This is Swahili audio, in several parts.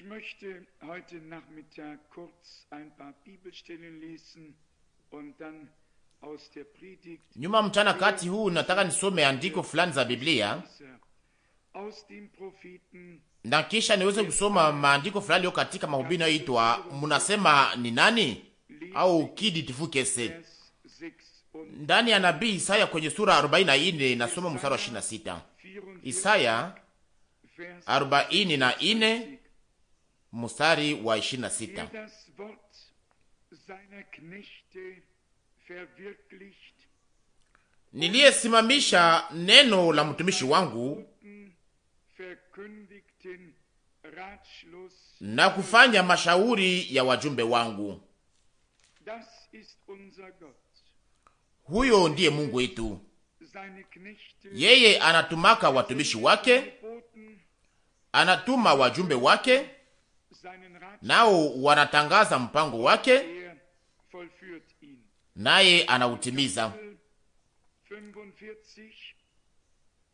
Ich möchte heute Nachmittag kurz ein paar Bibelstellen lesen und dann aus der Predigt nyuma mchana kati huu nataka nisome andiko fulani za Biblia Aus dem Propheten. na kisha niweze kusoma maandiko fulani yo katika mahubiri nayoitwa munasema ni nani au kidi tifukese ndani ya nabii Isaya kwenye sura 44 nasoma mstari wa 26. Isaya 44 mstari wa 26 niliyesimamisha neno la mtumishi wangu na kufanya mashauri ya wajumbe wangu. Huyo ndiye Mungu wetu, yeye anatumaka watumishi wake, anatuma wajumbe wake nao wanatangaza mpango wake, naye anautimiza.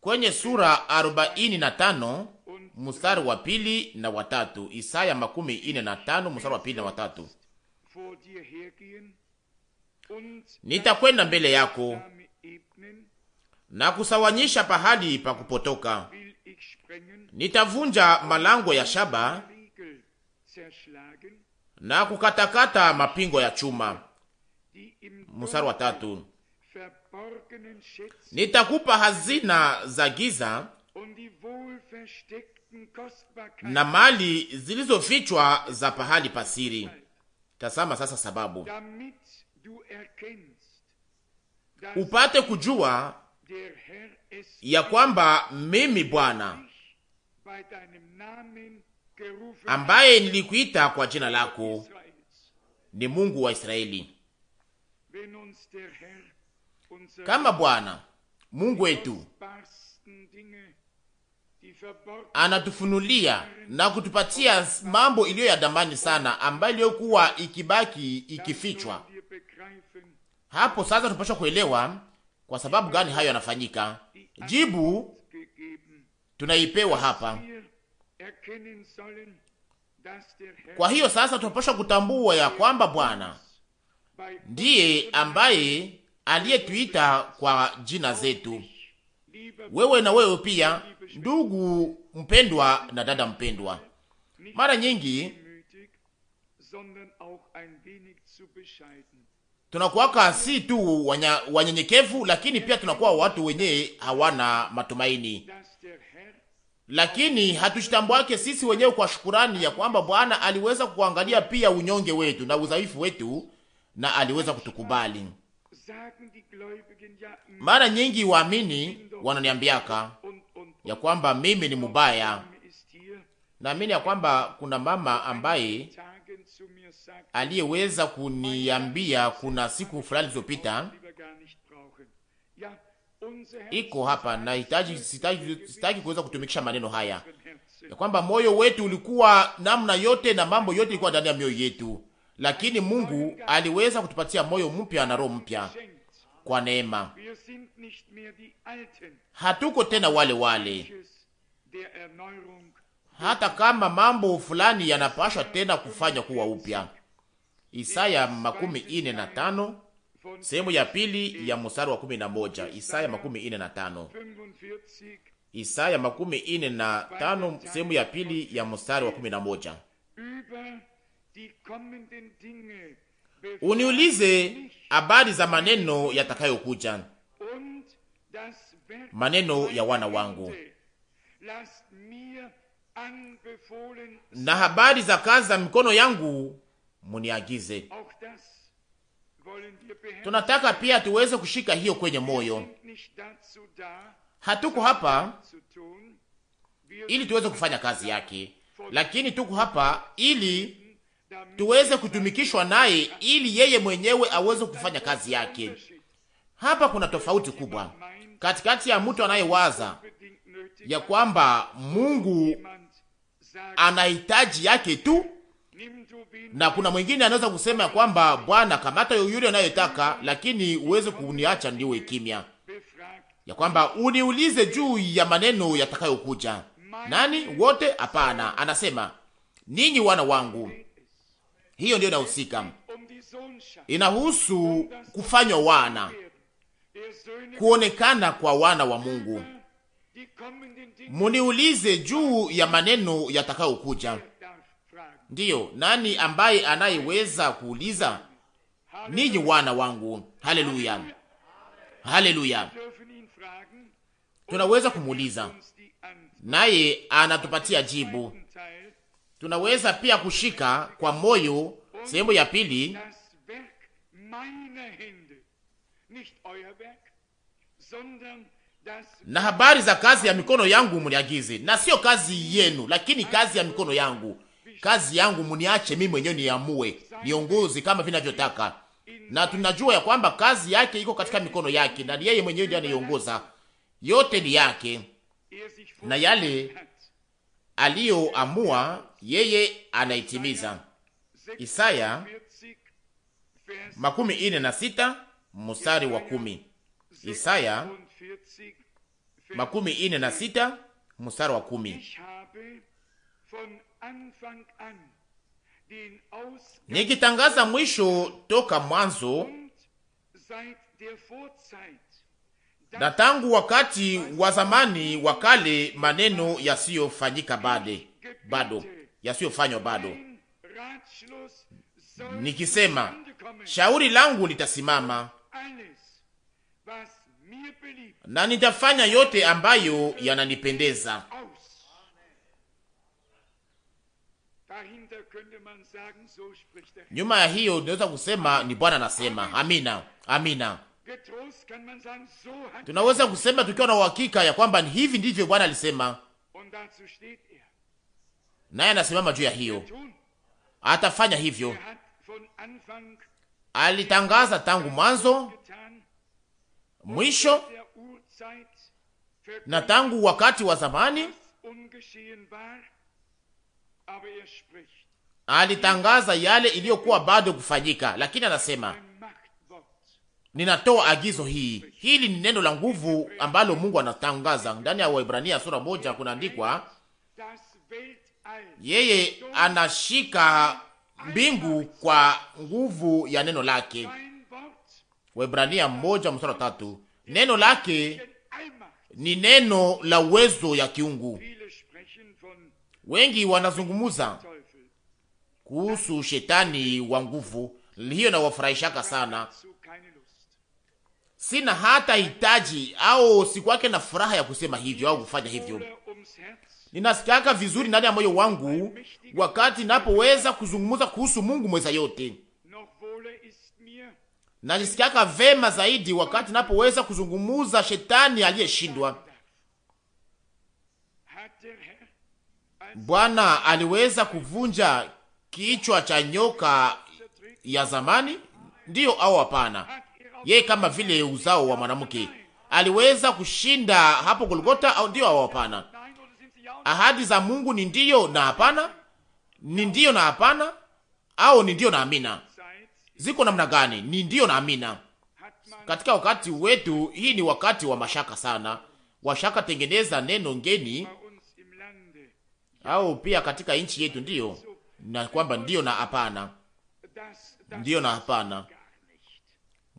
Kwenye sura 45 mstari wa pili na watatu, Isaya makumi mstari wa pili na watatu, nitakwenda mbele yako na kusawanyisha pahali pa kupotoka, nitavunja malango ya shaba na kukatakata mapingo ya chuma. Mstari wa tatu, nitakupa hazina za giza na mali zilizofichwa za pahali pasiri. Tazama sasa sababu upate kujua ya kwamba mimi Bwana ambaye nilikuita kwa jina lako, ni Mungu wa Israeli. Kama Bwana Mungu wetu anatufunulia na kutupatia mambo iliyo ya damani sana, ambayo iliyokuwa ikibaki ikifichwa, hapo sasa tupashwa kuelewa kwa sababu gani hayo yanafanyika. Jibu tunaipewa hapa kwa hiyo sasa tunapaswa kutambua ya kwamba Bwana ndiye ambaye aliyetuita kwa jina zetu, wewe na wewe pia, ndugu mpendwa na dada mpendwa. Mara nyingi tunakuwaka si tu wanyenyekevu, lakini pia tunakuwa watu wenyewe hawana matumaini, lakini hatushitambwake sisi wenyewe kwa shukurani ya kwamba Bwana aliweza kuangalia pia unyonge wetu na udhaifu wetu na aliweza kutukubali. Mara nyingi waamini wananiambiaka ya kwamba mimi ni mubaya. Naamini ya kwamba kuna mama ambaye aliyeweza kuniambia kuna siku fulani zilizopita iko hapa na hitaji, sitaki, sitaki kuweza kutumikisha maneno haya ya kwamba moyo wetu ulikuwa namna yote na mambo yote ilikuwa ndani ya mioyo yetu, lakini Mungu aliweza kutupatia moyo mpya na roho mpya kwa neema. Hatuko tena wale wale, hata kama mambo fulani yanapashwa tena kufanya kuwa upya. Isaya makumi ine na tano sehemu ya pili ya mstari wa kumi na moja Isaya makumi ine na tano Isaya makumi ine na tano sehemu ya pili ya mstari wa kumi na moja Uniulize habari za maneno yatakayokuja, maneno ya wana wangu na habari za kazi za mikono yangu muniagize. Tunataka pia tuweze kushika hiyo kwenye moyo. Hatuko hapa ili tuweze kufanya kazi yake, lakini tuko hapa ili tuweze kutumikishwa naye, ili yeye mwenyewe aweze kufanya kazi yake. Hapa kuna tofauti kubwa katikati ya mtu anayewaza ya kwamba Mungu ana hitaji yake tu na kuna mwingine anaweza kusema ya kwamba Bwana, kamata yule anayetaka, lakini uweze kuniacha ndiwe kimya, ya kwamba uniulize juu ya maneno yatakayokuja. Nani wote? Hapana, anasema ninyi wana wangu. Hiyo ndiyo inahusika, inahusu kufanywa wana, kuonekana kwa wana wa Mungu. Muniulize juu ya maneno yatakayokuja Ndiyo, nani ambaye anayeweza kuuliza? Ninyi wana wangu. Haleluya, haleluya. Tunaweza kumuuliza naye anatupatia jibu. Tunaweza pia kushika kwa moyo sehemu ya pili na habari za kazi ya mikono yangu mliagize, na sio kazi yenu, lakini kazi ya mikono yangu kazi yangu, muniache mimi mwenyewe niamue, niongozi kama vinavyotaka. Na tunajua ya kwamba kazi yake iko katika mikono yake, na yeye mwenyewe ndiye anaiongoza yote, ni yake na yale aliyoamua yeye anaitimiza. Isaya makumi ine na sita mstari wa kumi. Isaya makumi ine na sita mstari wa kumi nikitangaza mwisho toka mwanzo na tangu wakati wa zamani wa kale, maneno yasiyofanyika bado, yasiyofanywa bado, nikisema shauri langu litasimama na nitafanya yote ambayo yananipendeza. Nyuma ya hiyo unaweza kusema ni Bwana anasema. Amina, amina. Tunaweza er kusema tukiwa na uhakika ya kwamba ni hivi ndivyo Bwana alisema, er. naye anasimama juu ya hiyo, atafanya hivyo. Er Alitangaza tangu mwanzo mwisho na tangu wakati wa zamani, alitangaza yale iliyokuwa bado kufanyika, lakini anasema ninatoa agizo hii. Hili ni neno la nguvu ambalo Mungu anatangaza ndani ya Waebrania sura moja, kunaandikwa yeye anashika mbingu kwa nguvu ya neno lake. Waebrania moja mstari tatu. Neno lake ni neno la uwezo ya kiungu. Wengi wanazungumuza kuhusu shetani wa nguvu, hiyo nawafurahishaka sana. Sina hata hitaji au sikwake na furaha ya kusema hivyo au kufanya hivyo. Ninasikiaka vizuri ndani ya moyo wangu wakati napoweza kuzungumza kuhusu Mungu mweza yote. Najisikiaka vema zaidi wakati napoweza kuzungumuza shetani aliyeshindwa. Bwana aliweza kuvunja kichwa cha nyoka ya zamani? Ndiyo au hapana? Yeye kama vile uzao wa mwanamke aliweza kushinda hapo Golgota, au ndiyo au hapana? Ahadi za Mungu ni ndiyo na hapana, ni ndiyo na hapana, au ni ndiyo na amina. Ziko namna gani? Ni ndiyo na amina. Katika wakati wetu hii ni wakati wa mashaka sana, washaka tengeneza neno ngeni, au pia katika nchi yetu ndiyo na kwamba ndiyo na hapana, ndiyo na hapana.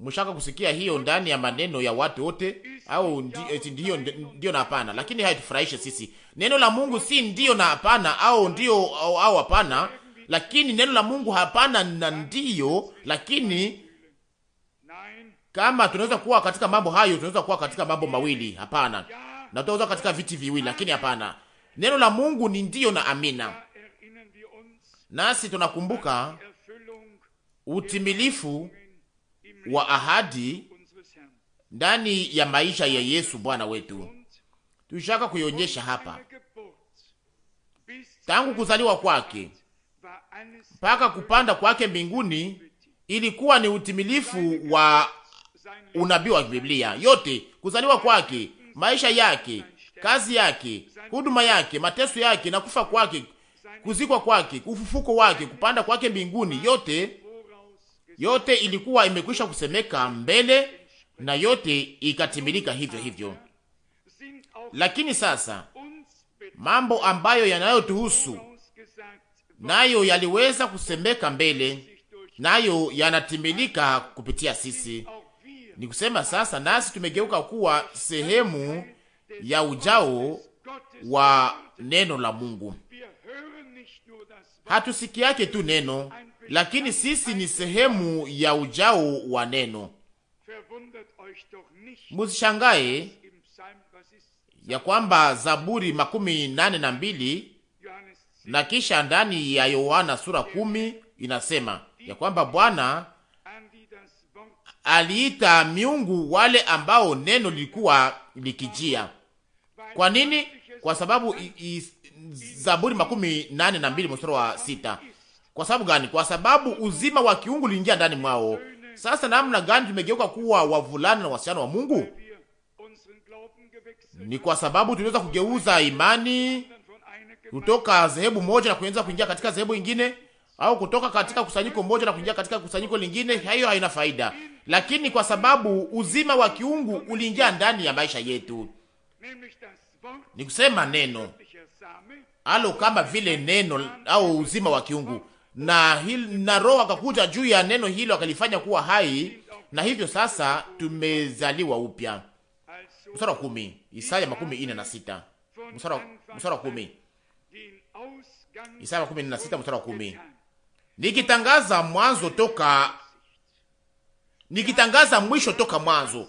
Mshaka kusikia hiyo ndani ya maneno ya watu wote, au ndiyo, ndiyo na hapana, lakini haitufurahishe sisi. Neno la Mungu si ndiyo na hapana, au ndiyo au hapana, lakini neno la Mungu hapana na ndiyo. Lakini kama tunaweza kuwa katika mambo hayo, tunaweza kuwa katika mambo mawili, hapana, na tunaweza katika viti viwili, lakini hapana. Neno la Mungu ni ndiyo na amina nasi tunakumbuka utimilifu wa ahadi ndani ya maisha ya Yesu Bwana wetu. Tushaka kuionyesha hapa tangu kuzaliwa kwake mpaka kupanda kwake mbinguni ilikuwa ni utimilifu wa unabii wa Biblia yote. Kuzaliwa kwake, maisha yake, kazi yake, huduma yake, mateso yake na kufa kwake kuzikwa kwake, ufufuko wake, kupanda kwake mbinguni, yote yote ilikuwa imekwisha kusemeka mbele na yote ikatimilika hivyo hivyo. Lakini sasa mambo ambayo yanayotuhusu nayo yaliweza kusemeka mbele, nayo yanatimilika kupitia sisi. Ni kusema sasa nasi tumegeuka kuwa sehemu ya ujao wa neno la Mungu hatusikiake tu neno, lakini sisi ni sehemu ya ujao wa neno. Muzishangaye ya kwamba Zaburi makumi nane na mbili na kisha ndani ya Yohana sura kumi inasema ya kwamba Bwana aliita miungu wale ambao neno lilikuwa likijia. Kwa nini? Kwa sababu Zaburi makumi nane na mbili mstari wa sita. Kwa sababu gani? Kwa sababu uzima wa kiungu liingia ndani mwao. Sasa namna gani tumegeuka kuwa wavulana na wasichana wa Mungu? Ni kwa sababu tuliweza kugeuza imani kutoka dhehebu moja na kuanza kuingia katika dhehebu ingine, au kutoka katika kusanyiko moja na kuingia katika kusanyiko lingine. Hayo haina faida, lakini kwa sababu uzima wa kiungu uliingia ndani ya maisha yetu, ni kusema neno alo kama vile neno au uzima wa kiungu, na, hil, na Roho akakuja juu ya neno hilo akalifanya kuwa hai, na hivyo sasa tumezaliwa upya. Mstari wa kumi, Isaya makumi ine na sita mstari wa kumi, Isaya makumi ine na sita mstari wa kumi, nikitangaza mwanzo toka nikitangaza mwisho toka mwanzo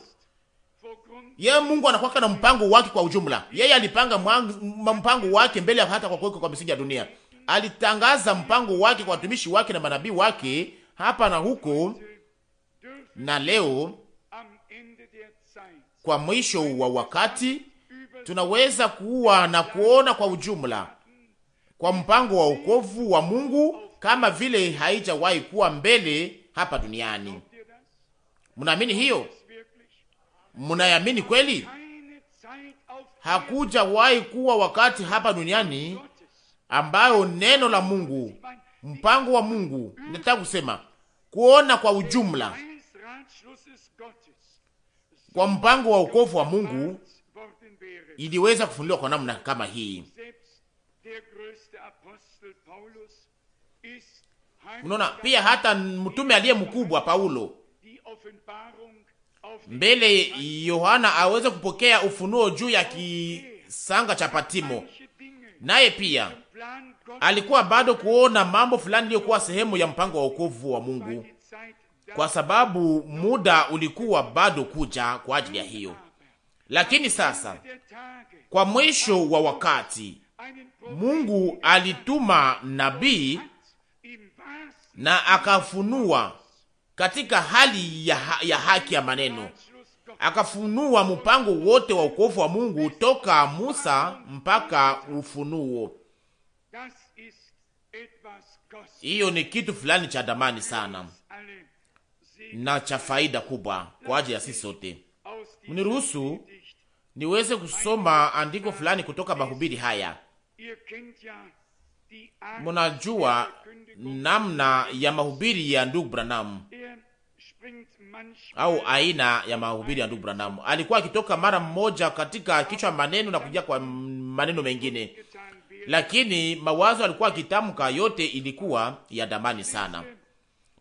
Ye Mungu anakuwa na mpango wake kwa ujumla. Yeye alipanga mpango wake mbele hata kwa kuweka kwa misingi ya dunia. Alitangaza mpango wake kwa watumishi wake na manabii wake hapa na huko na leo kwa mwisho wa wakati tunaweza kuwa na kuona kwa ujumla kwa mpango wa wokovu wa Mungu kama vile haijawahi kuwa mbele hapa duniani. Mnaamini hiyo? munayamini kweli? Hakuja wahi kuwa wakati hapa duniani ambayo neno la Mungu, mpango wa Mungu, nataka kusema kuona kwa ujumla kwa mpango wa ukovu wa Mungu iliweza kufunuliwa kwa namna kama hii. Unaona, pia hata mtume aliye mkubwa Paulo mbele Yohana aweze kupokea ufunuo juu ya kisanga cha Patimo. Naye pia alikuwa bado kuona mambo fulani iliyokuwa sehemu ya mpango wa wokovu wa Mungu, kwa sababu muda ulikuwa bado kuja kwa ajili ya hiyo. Lakini sasa kwa mwisho wa wakati Mungu alituma nabii na akafunua katika hali ya, ha ya haki ya maneno, akafunua mpango wote wa ukovu wa Mungu toka Musa mpaka Ufunuo. Hiyo ni kitu fulani cha damani sana na cha faida kubwa kwa ajili ya sisi sote. Mniruhusu niweze kusoma andiko fulani kutoka mahubiri haya. Mnajua namna ya mahubiri ya ndugu Branham au aina ya mahubiri ya ndugu Branham. Alikuwa akitoka mara mmoja katika kichwa maneno na kuja kwa maneno mengine, lakini mawazo alikuwa akitamka yote ilikuwa ya damani sana.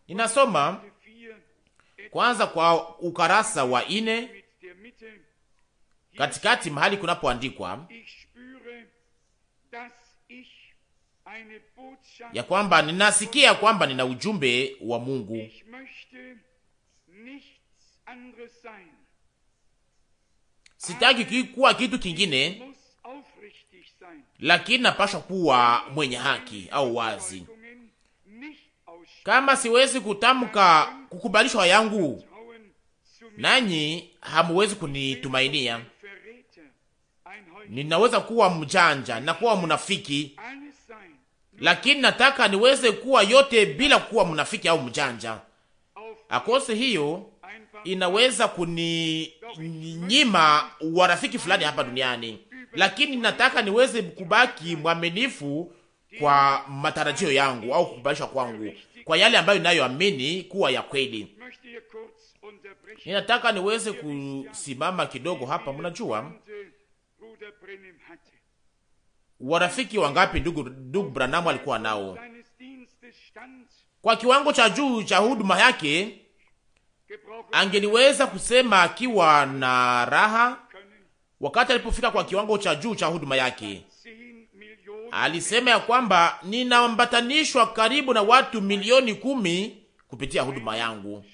Ninasoma kwanza kwa ukarasa wa ine katikati mahali kunapoandikwa ya kwamba ninasikia kwamba nina ujumbe wa Mungu Sitaki kuwa kitu kingine, lakini napashwa kuwa mwenye haki au wazi. Kama siwezi kutamka kukubalishwa yangu, nanyi hamuwezi kunitumainia. Ninaweza kuwa mjanja na kuwa mnafiki, lakini nataka niweze kuwa yote bila kuwa mnafiki au mjanja. Akose hiyo inaweza kuninyima warafiki fulani hapa duniani, lakini nataka niweze kubaki mwaminifu kwa matarajio yangu au kukubalishwa kwangu kwa yale ambayo ninayoamini kuwa ya kweli. Ninataka niweze kusimama kidogo hapa. Mnajua warafiki wangapi ndugu, ndugu Branamu alikuwa nao kwa kiwango cha juu cha huduma yake angeliweza kusema akiwa na raha wakati alipofika kwa kiwango cha juu cha huduma yake. Alisema ya kwamba ninaambatanishwa karibu na watu milioni kumi kupitia huduma yangu.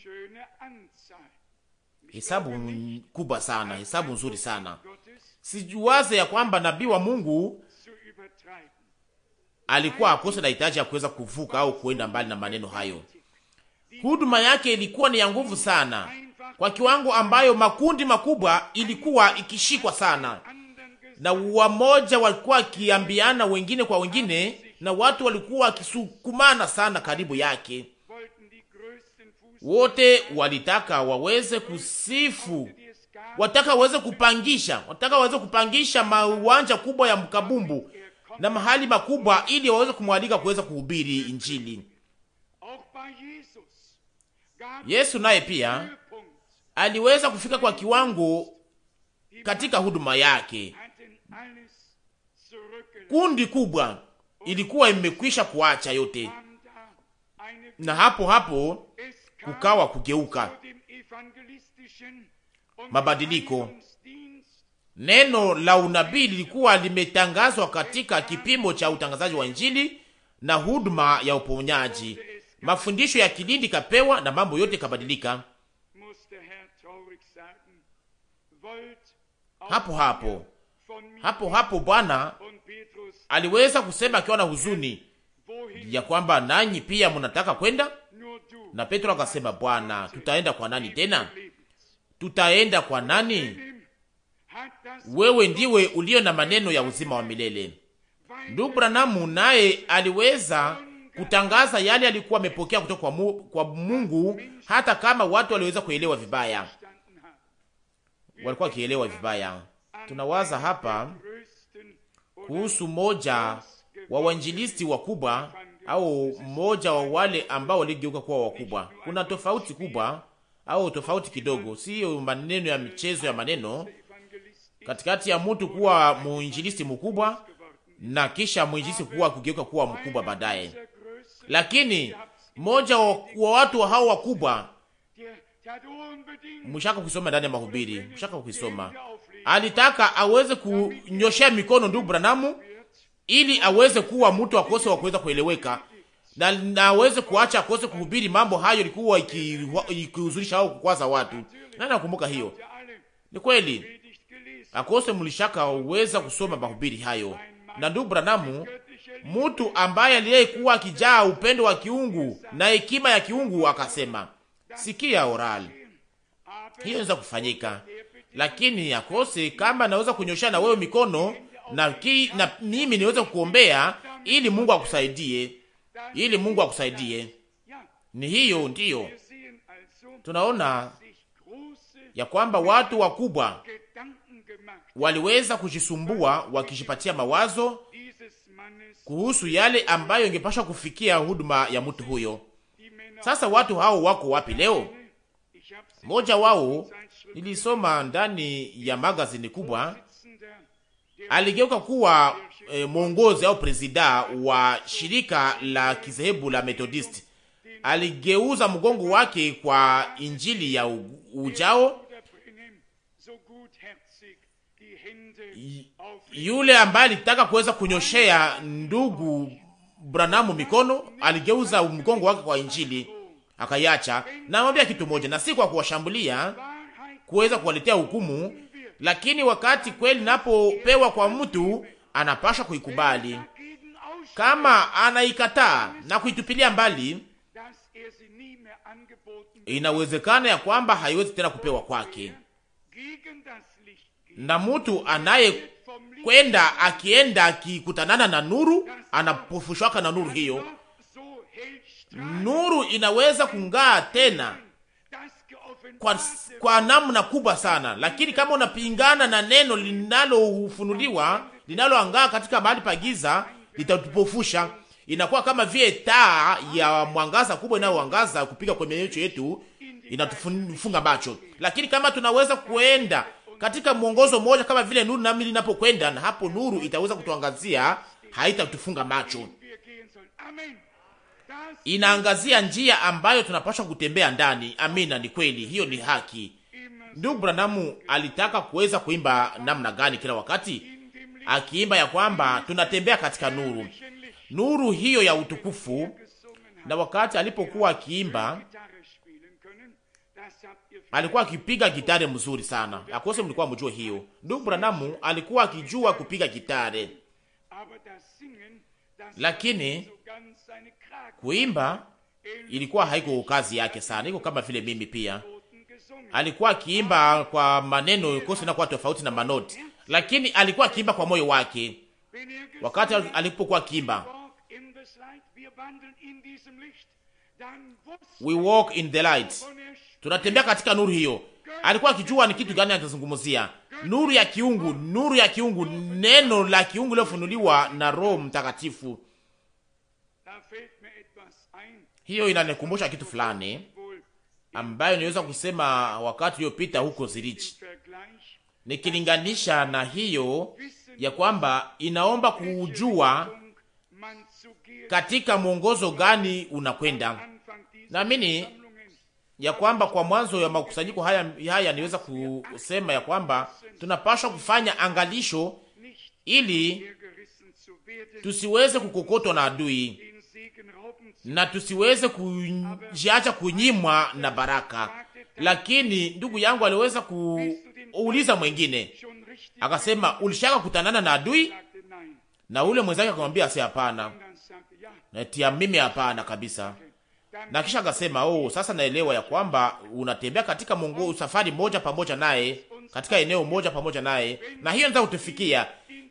Hesabu kubwa sana, hesabu nzuri sana. Sijuwaze ya kwamba nabii wa Mungu alikuwa akose na hitaji ya kuweza kuvuka au kuenda mbali na maneno hayo huduma yake ilikuwa ni ya nguvu sana, kwa kiwango ambayo makundi makubwa ilikuwa ikishikwa sana, na wamoja walikuwa wakiambiana wengine kwa wengine, na watu walikuwa wakisukumana sana karibu yake. Wote walitaka waweze kusifu, wataka waweze kupangisha, wataka waweze kupangisha mauwanja kubwa ya mkabumbu na mahali makubwa, ili waweze kumwalika kuweza kuhubiri Injili Yesu naye pia aliweza kufika kwa kiwango katika huduma yake. Kundi kubwa ilikuwa imekwisha kuacha yote, na hapo hapo kukawa kugeuka, mabadiliko. Neno la unabii lilikuwa limetangazwa katika kipimo cha utangazaji wa Injili na huduma ya uponyaji mafundisho ya kilindi kapewa na mambo yote kabadilika hapo hapo hapo hapo. Bwana aliweza kusema akiwa na huzuni ya kwamba nanyi pia mnataka kwenda, na Petro akasema, Bwana, tutaenda kwa nani tena? Tutaenda kwa nani? Wewe ndiwe ulio na maneno ya uzima wa milele. Ndugu Branamu naye aliweza kutangaza yale alikuwa amepokea kutoka kwa, mu, kwa Mungu, hata kama watu waliweza kuelewa vibaya, walikuwa wakielewa vibaya. Tunawaza hapa kuhusu moja wa wanjilisti wakubwa au mmoja wa wale ambao waligeuka kuwa wakubwa. Kuna tofauti kubwa au tofauti kidogo, siyo maneno ya michezo ya maneno katikati ya mtu kuwa muinjilisti mkubwa na kisha mwinjilisti kuwa kugeuka kuwa mkubwa baadaye. Lakini mmoja wa watu wa hao wakubwa, mshaka kusoma ndani ya mahubiri, mshaka kusoma, alitaka aweze kunyoshea mikono ndugu Branamu ili aweze kuwa mtu akose wa kuweza kueleweka na aweze kuacha akose kuhubiri mambo hayo ilikuwa ikihuzunisha au kukwaza watu. Nani nakumbuka hiyo? Ni kweli akose mlishaka uweza kusoma mahubiri hayo, na ndugu Branamu mtu ambaye aliyekuwa akijaa upendo wa kiungu na hekima ya kiungu akasema, sikia oral hiyo inaweza kufanyika, lakini akose kama naweza kunyosha na wewe mikono na, ki, na mimi niweze kukuombea ili Mungu akusaidie, ili Mungu akusaidie. Ni hiyo ndiyo tunaona ya kwamba watu wakubwa waliweza kujisumbua wakijipatia mawazo kuhusu yale ambayo ingepasha kufikia huduma ya mtu huyo. Sasa watu hao wako wapi leo? Mmoja wao nilisoma ndani ya magazini kubwa, aligeuka kuwa e, mwongozi au presida wa shirika la kizehebu la Methodist. Aligeuza mgongo wake kwa injili ya ujao yule ambaye alitaka kuweza kunyoshea ndugu Branamu mikono aligeuza mgongo wake kwa Injili akaiacha. Namwambia kitu moja, na si kwa kuwashambulia, kuweza kuwaletea hukumu, lakini wakati kweli napopewa kwa mtu anapasha kuikubali. Kama anaikataa na kuitupilia mbali, inawezekana ya kwamba haiwezi tena kupewa kwake na mtu anaye kwenda akienda akikutanana na nuru anapofushwaka na nuru hiyo. Nuru inaweza kung'aa tena kwa, kwa namna kubwa sana, lakini kama unapingana na neno linalofunuliwa linaloangaa katika mahali pa giza litatupofusha. Inakuwa kama vile taa ya mwangaza kubwa inayoangaza kupiga kwenye macho yetu inatufunga macho, lakini kama tunaweza kuenda katika mwongozo mmoja kama vile nuru, nami ninapokwenda na hapo nuru itaweza kutuangazia, haitatufunga macho, inaangazia njia ambayo tunapaswa kutembea ndani. Amina, ni kweli, hiyo ni haki. Ndugu Branamu alitaka kuweza kuimba namna gani? Kila wakati akiimba ya kwamba tunatembea katika nuru, nuru hiyo ya utukufu. Na wakati alipokuwa akiimba alikuwa akipiga gitare mzuri sana, akose mlikuwa mjue hiyo. Ndugu Branamu alikuwa akijua kupiga gitare, lakini kuimba ilikuwa haiko kazi yake sana, iko kama vile mimi pia alikuwa akiimba kwa maneno kosi na kwa tofauti na manoti, lakini alikuwa akiimba kwa moyo wake. Wakati alipokuwa akiimba We walk in the light, tunatembea katika nuru hiyo. Alikuwa akijua ni kitu gani anazungumzia, nuru ya kiungu, nuru ya kiungu, neno la kiungu lilofunuliwa na Roho Mtakatifu. Hiyo inanikumbusha kitu fulani ambayo niweza kusema wakati uliopita huko Zurich, nikilinganisha na hiyo ya kwamba inaomba kujua katika mwongozo gani unakwenda. Naamini ya kwamba kwa mwanzo ya makusanyiko haya, haya niweza kusema ya kwamba tunapaswa kufanya angalisho ili tusiweze kukokotwa na adui na tusiweze kujiacha kunyimwa na baraka. Lakini ndugu yangu aliweza kuuliza mwengine, akasema ulishaka kutanana na adui? Na ule mwenzake akamwambia si, hapana. Natia mimi hapana kabisa. Na kisha akasema, oh, sasa naelewa ya kwamba unatembea katika Mungu safari moja pamoja naye, katika eneo moja pamoja naye. Na hiyo nita kutufikia.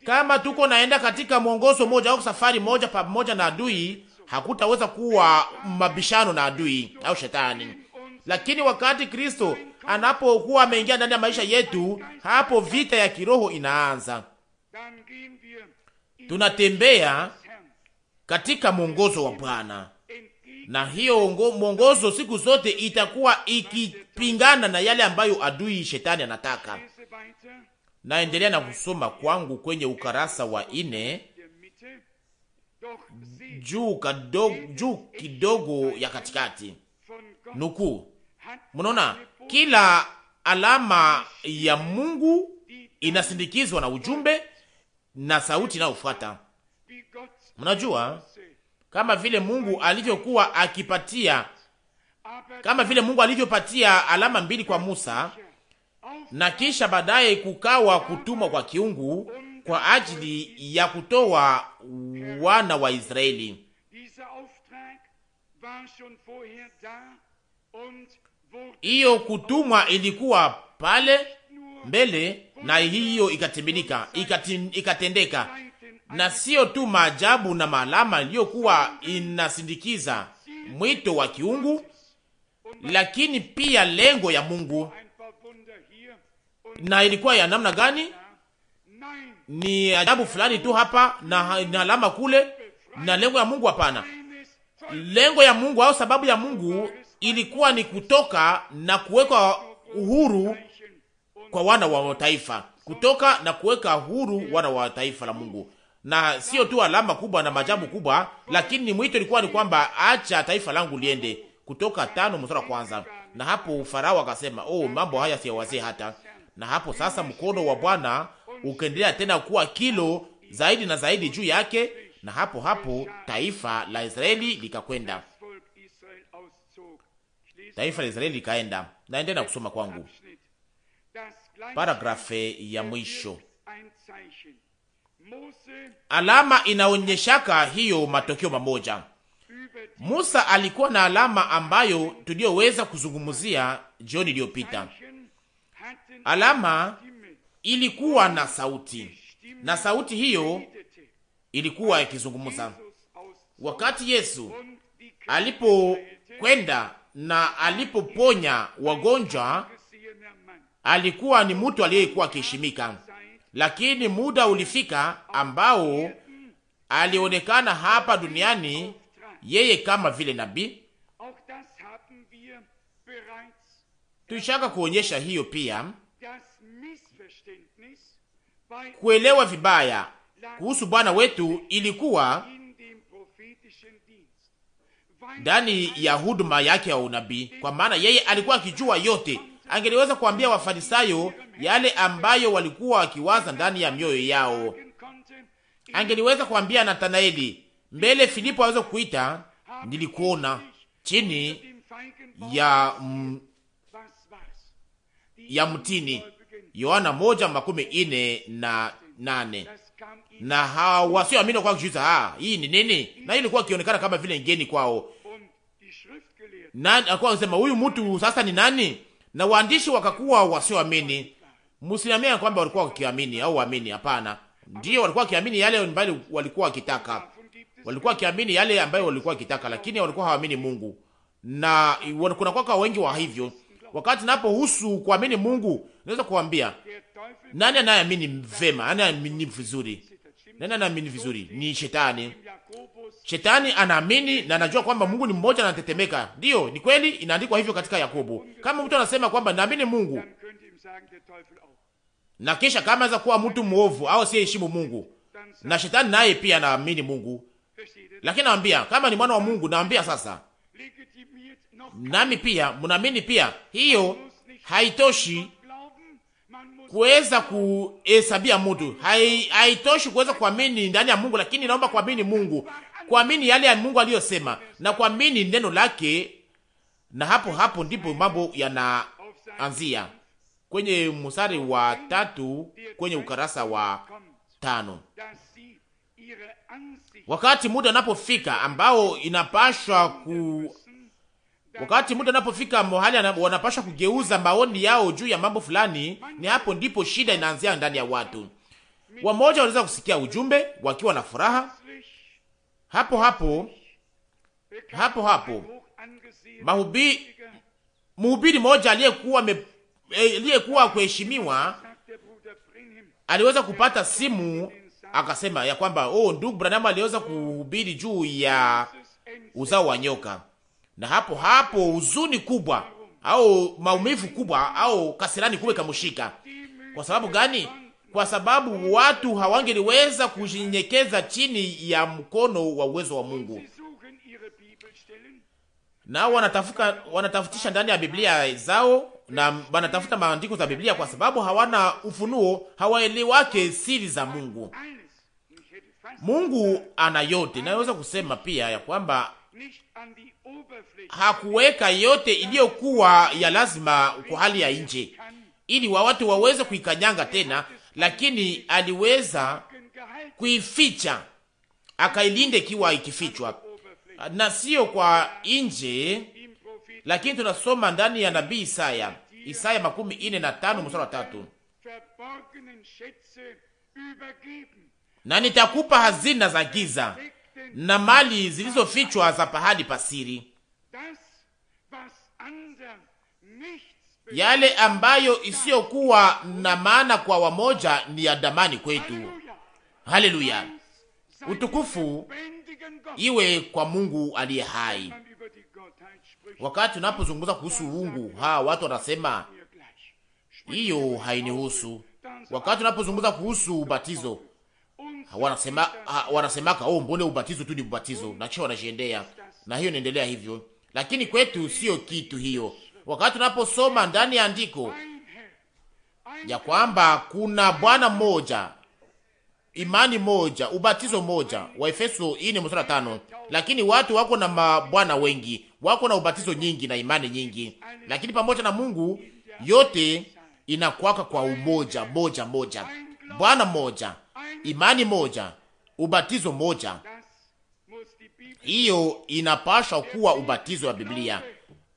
Kama tuko naenda katika mwongozo moja au safari moja pamoja na adui, hakutaweza kuwa mabishano na adui au shetani. Lakini wakati Kristo anapokuwa ameingia ndani ya maisha yetu, hapo vita ya kiroho inaanza. Tunatembea katika mwongozo wa Bwana, na hiyo mwongozo siku zote itakuwa ikipingana na yale ambayo adui shetani anataka. Naendelea na kusoma kwangu kwenye ukarasa wa ine juu kadogo, juu kidogo ya katikati nuku, Mnaona kila alama ya Mungu inasindikizwa na ujumbe na sauti inayofuata Mnajua kama vile Mungu alivyokuwa akipatia, kama vile Mungu alivyopatia alama mbili kwa Musa na kisha baadaye kukawa kutumwa kwa kiungu kwa ajili ya kutoa wana wa Israeli. Hiyo kutumwa ilikuwa pale mbele na hiyo ikatimilika, ikatendeka na sio tu maajabu na maalama iliyokuwa inasindikiza mwito wa kiungu, lakini pia lengo ya Mungu. Na ilikuwa ya namna gani? Ni ajabu fulani tu hapa na ni alama kule, na lengo ya Mungu? Hapana, lengo ya Mungu au sababu ya Mungu ilikuwa ni kutoka na kuweka uhuru kwa wana wa taifa, kutoka na kuweka uhuru wana wa taifa la Mungu na sio tu alama kubwa na majabu kubwa, lakini mwito ulikuwa ni kwamba acha taifa langu liende, kutoka tano mstari wa kwanza. Na hapo Farao akasema oh, mambo haya si wazee hata. Na hapo sasa mkono wa Bwana ukaendelea tena kuwa kilo zaidi na zaidi juu yake, na hapo hapo taifa la Israeli likakwenda, taifa la Israeli likaenda. Naendelea na kusoma kwangu paragrafe ya mwisho alama inaonyeshaka hiyo matokeo mamoja. Musa alikuwa na alama ambayo tuliyoweza kuzungumzia jioni iliyopita. Alama ilikuwa na sauti, na sauti hiyo ilikuwa ikizungumza. Wakati Yesu alipokwenda na alipoponya wagonjwa, alikuwa ni mtu aliyekuwa akiheshimika lakini muda ulifika ambao alionekana hapa duniani yeye kama vile nabii. tuishaka kuonyesha hiyo pia, kuelewa vibaya kuhusu Bwana wetu ilikuwa ndani ya huduma yake ya unabii, kwa maana yeye alikuwa akijua yote angeliweza kuambia wafarisayo yale ambayo walikuwa wakiwaza ndani ya mioyo yao. Angeliweza kuambia natanaeli mbele Filipo aweze kuita, nilikuona chini ya m, ya mtini, Yohana moja makumi ine na nane. Na hawa wasioamini kwa kujiuliza ah, hii ni nini? Na hii ilikuwa ikionekana kama vile ngeni kwao, na alikuwa anasema huyu mtu sasa ni nani? na waandishi wakakuwa wasioamini. Msiamini ya kwamba walikuwa wakiamini au waamini, hapana. Ndio walikuwa wakiamini yale ambayo walikuwa wakitaka, walikuwa wakiamini yale ambayo walikuwa wakitaka, lakini walikuwa hawaamini Mungu, na kuna kwaka wengi wa hivyo. Wakati napohusu kuamini Mungu, naweza kuambia nani anayeamini vema, anayeamini vizuri nani anaamini vizuri? Ni shetani. Shetani anaamini na anajua kwamba Mungu ni mmoja, anatetemeka. Ndiyo, ni kweli, inaandikwa hivyo katika Yakobo. Kama mtu anasema kwamba naamini Mungu na kisha kama anaweza kuwa mtu mwovu au asiyeheshimu Mungu, na shetani naye pia anaamini Mungu, lakini nawambia kama ni mwana wa Mungu, naambia sasa, nami pia mnaamini pia, hiyo haitoshi kuweza kuhesabia mtu haitoshi, kuweza kuamini ndani ya Mungu, lakini naomba kuamini Mungu, kuamini yale ya Mungu aliyosema na kuamini neno lake, na hapo hapo ndipo mambo yanaanzia kwenye mstari wa tatu kwenye ukarasa wa tano. Wakati muda unapofika ambao inapashwa ku Wakati mtu anapofika mahali wanapasha kugeuza maoni yao juu ya mambo fulani, ni hapo ndipo shida inaanzia ndani ya watu. Wamoja wanaweza kusikia ujumbe wakiwa na furaha, hapo hapo hapo hapo mahubiri mhubiri mmoja aliyekuwa eh, aliyekuwa kuheshimiwa aliweza kupata simu akasema ya kwamba oh, ndugu Branham aliweza kuhubiri juu ya uzao wa nyoka na hapo hapo huzuni kubwa au maumivu kubwa au kasirani kubwa ikamushika. Kwa sababu gani? Kwa sababu watu hawangeliweza kujinyenyekeza chini ya mkono wa uwezo wa Mungu, nao wanatafuka wanatafutisha ndani ya Biblia zao na wanatafuta maandiko za Biblia kwa sababu hawana ufunuo, hawaelewake siri za Mungu. Mungu ana yote. Naweza kusema pia ya kwamba hakuweka yote iliyokuwa ya lazima kwa hali ya nje ili wa watu waweze kuikanyanga tena, lakini aliweza kuificha akailinde kiwa ikifichwa na sio kwa nje. Lakini tunasoma ndani ya nabii Isaya, Isaya makumi ine na tano mstari wa tatu na nitakupa hazina za giza na mali zilizofichwa za pahali pasiri yale ambayo isiyokuwa na maana kwa wamoja ni ya damani kwetu. Haleluya, utukufu iwe kwa Mungu aliye hai. Wakati unapozungumza kuhusu uungu, ha watu wanasema hiyo hainihusu. Wakati unapozungumza kuhusu ubatizo wanasema wanasemaka, oh, mbone ubatizo tu ni ubatizo, na wanajiendea na hiyo, inaendelea hivyo, lakini kwetu sio kitu hiyo wakati tunaposoma ndani ya andiko ya kwamba kuna Bwana mmoja, imani moja, ubatizo moja, wa Efeso ine mstari tano. Lakini watu wako na mabwana wengi, wako na ubatizo nyingi na imani nyingi, lakini pamoja na Mungu yote inakwaka kwa umoja moja moja, Bwana moja, imani moja, ubatizo moja. Hiyo inapasha kuwa ubatizo wa Biblia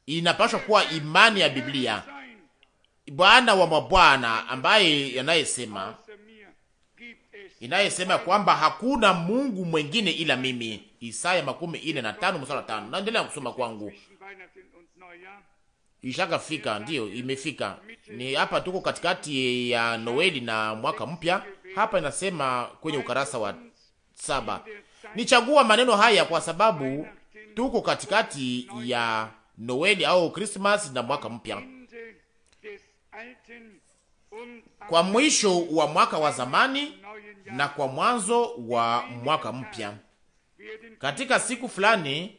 inapashwa kuwa imani ya Biblia, Bwana wa mabwana ambaye yanayesema inayesema kwamba hakuna Mungu mwengine ila mimi. Isaya makumi ine na tano mstari tano. Naendelea kusoma kwangu, ishakafika ndiyo, imefika ni hapa, tuko katikati ya Noeli na mwaka mpya. Hapa inasema kwenye ukarasa wa saba. Nichagua maneno haya kwa sababu tuko katikati ya Noeli au Christmas na mwaka mpya. Kwa mwisho wa mwaka wa zamani na kwa mwanzo wa mwaka mpya. Katika siku fulani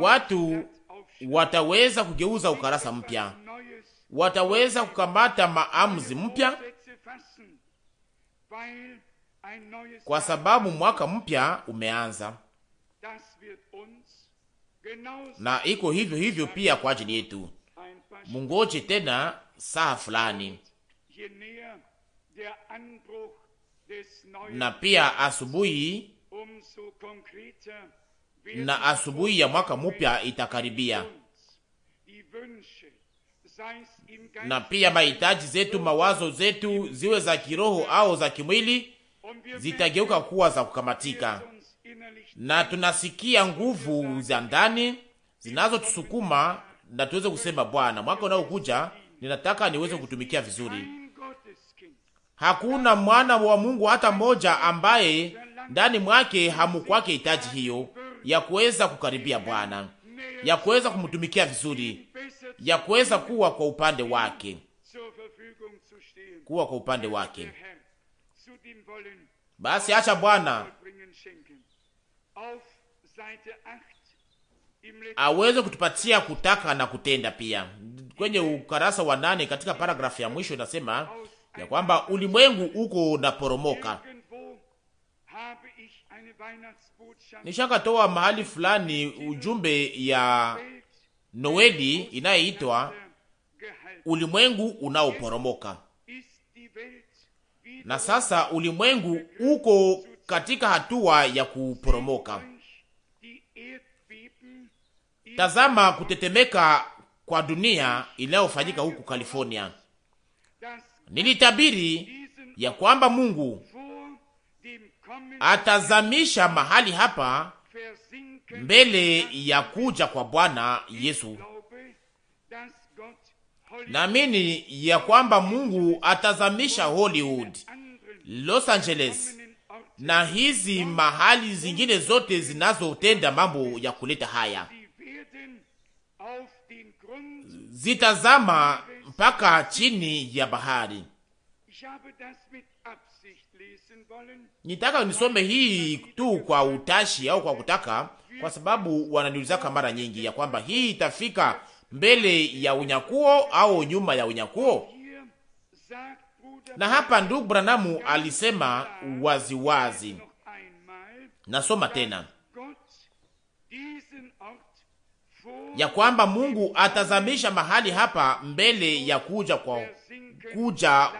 watu wataweza kugeuza ukarasa mpya, wataweza kukamata maamuzi mpya, kwa sababu mwaka mpya umeanza na iko hivyo hivyo pia kwa ajili yetu. Mungoje tena saa fulani, na pia asubuhi na asubuhi ya mwaka mupya itakaribia, na pia mahitaji zetu, mawazo zetu, ziwe za kiroho au za kimwili, zitageuka kuwa za kukamatika na tunasikia nguvu za ndani zinazotusukuma na tuweze kusema Bwana, mwaka unaokuja ninataka niweze kutumikia vizuri. Hakuna mwana wa Mungu hata mmoja ambaye ndani mwake hamukwake hitaji hiyo ya kuweza kukaribia Bwana, ya kuweza kumtumikia vizuri, ya kuweza kuwa kwa upande wake, kuwa kwa upande wake. Basi acha Bwana aweze kutupatia kutaka na kutenda pia. Kwenye ukarasa wa nane katika paragrafu ya mwisho inasema ya kwamba ulimwengu uko naporomoka. Nishakatoa mahali fulani ujumbe ya Noeli inayoitwa ulimwengu unaoporomoka, na sasa ulimwengu uko katika hatua ya kuporomoka. Tazama kutetemeka kwa dunia inayofanyika huku California. Nilitabiri ya kwamba Mungu atazamisha mahali hapa mbele ya kuja kwa Bwana Yesu. Naamini ya kwamba Mungu atazamisha Hollywood, Los Angeles na hizi mahali zingine zote zinazotenda mambo ya kuleta haya zitazama mpaka chini ya bahari. Nitaka nisome hii tu kwa utashi au kwa kutaka, kwa sababu wananiulizaka mara nyingi ya kwamba hii itafika mbele ya unyakuo au nyuma ya unyakuo. Na hapa ndugu Branamu alisema waziwazi, nasoma tena ya kwamba Mungu atazamisha mahali hapa mbele ya kuja kwa kuja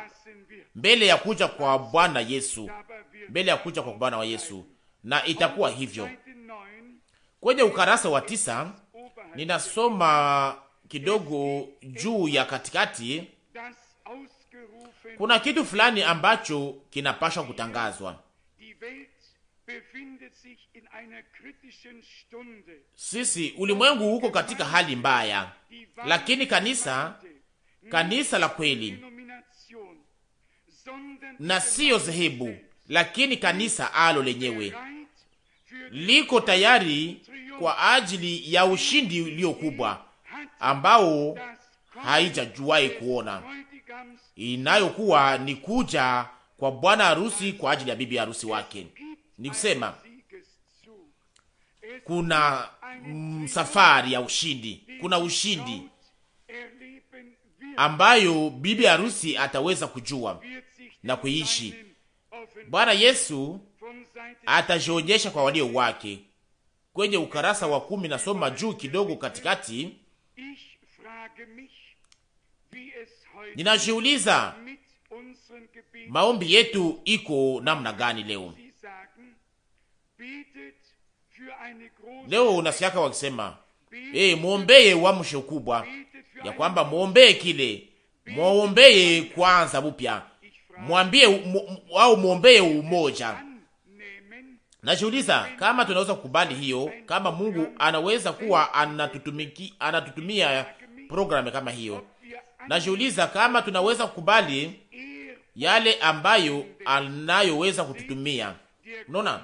mbele ya kuja kwa Bwana Yesu, mbele ya kuja kwa Bwana wa Yesu, na itakuwa hivyo. Kwenye ukarasa wa tisa ninasoma kidogo juu ya katikati kuna kitu fulani ambacho kinapashwa kutangazwa. Sisi ulimwengu huko katika hali mbaya, lakini kanisa, kanisa la kweli na siyo zehebu lakini kanisa alo lenyewe liko tayari kwa ajili ya ushindi uliokubwa ambao haijajuwahi kuona inayokuwa ni kuja kwa bwana harusi kwa ajili ya bibi harusi wake. Ni kusema kuna mm, safari ya ushindi, kuna ushindi ambayo bibi harusi ataweza kujua na kuishi. Bwana Yesu atajionyesha kwa walio wake. Kwenye ukarasa wa kumi nasoma juu kidogo katikati Ninajiuliza maombi yetu iko namna gani leo. Leo unasiaka wakisema hey, mwombeye uamsho kubwa ya kwamba mwombeye kile, mwombeye kwanza upya, mwambie au mwombeye umoja. Najiuliza kama tunaweza kukubali hiyo, kama Mungu anaweza kuwa anatutumiki, anatutumia programu kama hiyo Najiuliza kama tunaweza kukubali yale ambayo anayoweza kututumia. Unaona,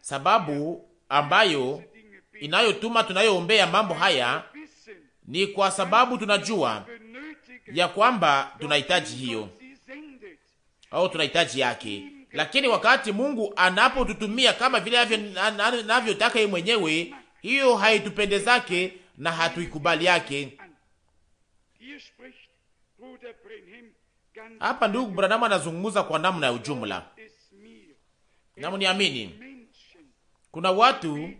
sababu ambayo inayotuma tunayoombea mambo haya ni kwa sababu tunajua ya kwamba tunahitaji hiyo au tunahitaji yake, lakini wakati Mungu anapotutumia kama vile anavyotaka yeye mwenyewe, hiyo haitupendezake na hatuikubali yake. Hapa ndugu Branham anazungumza kwa namna ya ujumla, na mniamini, kuna watu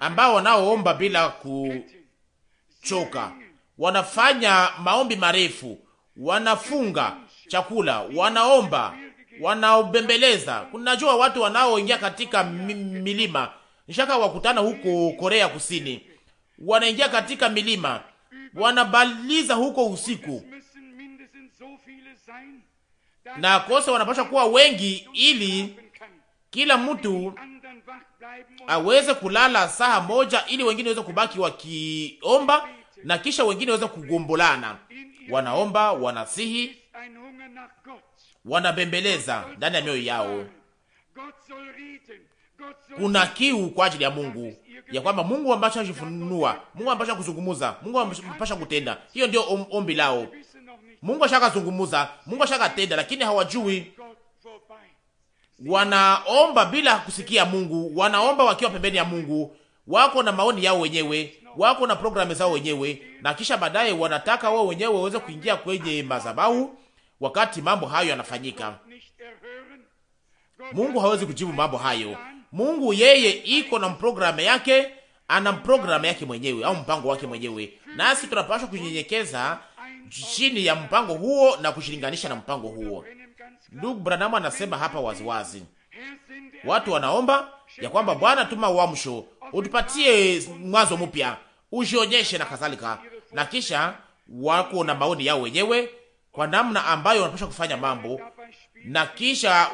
ambao wanaoomba bila kuchoka, wanafanya maombi marefu, wanafunga chakula, wanaomba, wanaobembeleza. Kunajua watu wanaoingia katika milima, nishaka wakutana huko Korea Kusini, wanaingia katika milima wanabaliza huko usiku, na kosa wanapasha kuwa wengi, ili kila mtu aweze kulala saha moja, ili wengine waweze kubaki wakiomba, na kisha wengine waweze kugombolana, wanaomba, wanasihi, wanabembeleza ndani ya mioyo yao kuna kiu kwa ajili ya Mungu, ya kwamba Mungu ambaye anajifunua, Mungu ambaye kuzungumuza, Mungu ambacho kutenda. Hiyo ndio ombi lao. Mungu ashakazungumza, Mungu ashakatenda, lakini hawajui. Wanaomba bila kusikia Mungu, wanaomba wakiwa pembeni ya Mungu, wako na maoni yao wenyewe, wako na programu zao wenyewe, na kisha baadaye wanataka wao wenyewe waweze kuingia kwenye madhabahu wakati mambo hayo yanafanyika. Mungu hawezi kujibu mambo hayo. Mungu yeye iko na programu yake, ana programu yake mwenyewe au mpango wake mwenyewe, nasi tunapaswa kunyenyekeza chini ya mpango huo na kushilinganisha na mpango huo. Ndugu Branham anasema hapa waziwazi, watu wanaomba ya kwamba Bwana, tuma uamsho, utupatie mwanzo mpya, ujionyeshe na kadhalika, na kisha wako na maoni yao wenyewe kwa namna ambayo wanapaswa kufanya mambo na kisha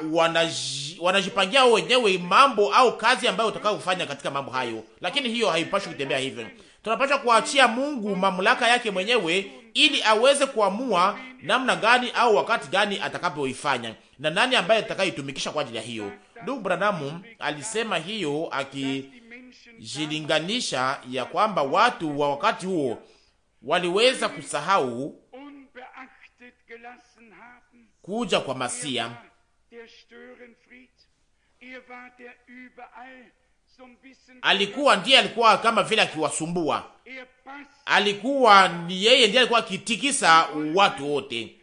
wanajipangia wao wenyewe mambo au kazi ambayo utakao kufanya katika mambo hayo, lakini hiyo haipashwi kutembea hivyo. Tunapaswa kuachia Mungu mamlaka yake mwenyewe ili aweze kuamua namna gani au wakati gani atakapoifanya na nani ambaye atakaitumikisha kwa ajili ya hiyo. Ndugu Branamu alisema hiyo akijilinganisha ya kwamba watu wa wakati huo waliweza kusahau kuja kwa Masia. Er er alikuwa ndiye alikuwa kama vile akiwasumbua, er alikuwa ni yeye ndiye alikuwa akitikisa watu wote,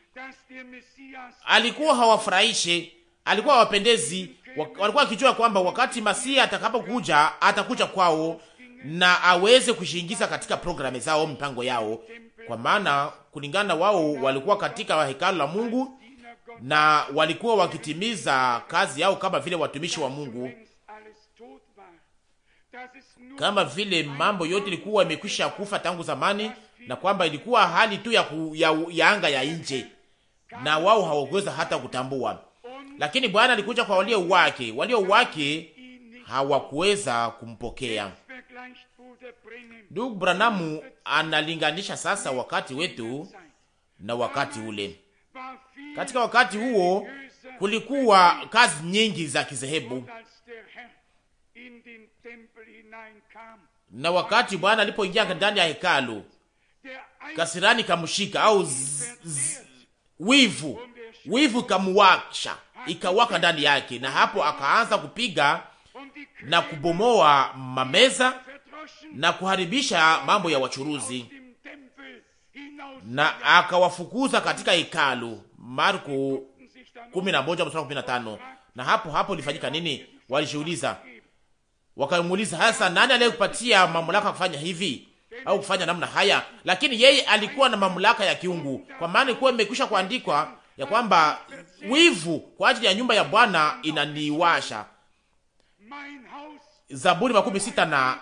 alikuwa hawafurahishe, alikuwa hawapendezi. Walikuwa akijua kwamba wakati Masia atakapokuja atakuja kwao na aweze kushingiza katika programu zao, mipango yao, kwa maana kulingana wao walikuwa katika hekalu la Mungu na walikuwa wakitimiza kazi yao kama vile watumishi wa Mungu, kama vile mambo yote ilikuwa imekwisha kufa tangu zamani, na kwamba ilikuwa hali tu ya, ku, ya, ya anga ya nje, na wao hawakuweza hata kutambua. Lakini Bwana alikuja kwa walio wake, walio wake hawakuweza kumpokea. Ndugu Branamu analinganisha sasa wakati wetu na wakati ule katika wakati huo kulikuwa kazi nyingi za kizehebu, na wakati Bwana alipoingia ndani ya hekalu, kasirani kamshika au z, z, wivu wivu ikamuwasha, ikawaka ndani yake, na hapo akaanza kupiga na kubomoa mameza na kuharibisha mambo ya wachuruzi, na akawafukuza katika hekalu Marko 11:15. Na hapo hapo ilifanyika nini? Walishuuliza, wakamuuliza hasa, nani aliyekupatia mamlaka kufanya hivi au kufanya namna haya? Lakini yeye alikuwa na mamlaka ya kiungu, kwa maana ilikuwa imekwisha kuandikwa ya kwamba wivu kwa ajili ya nyumba ya Bwana inaniwasha. Zaburi makumi sita na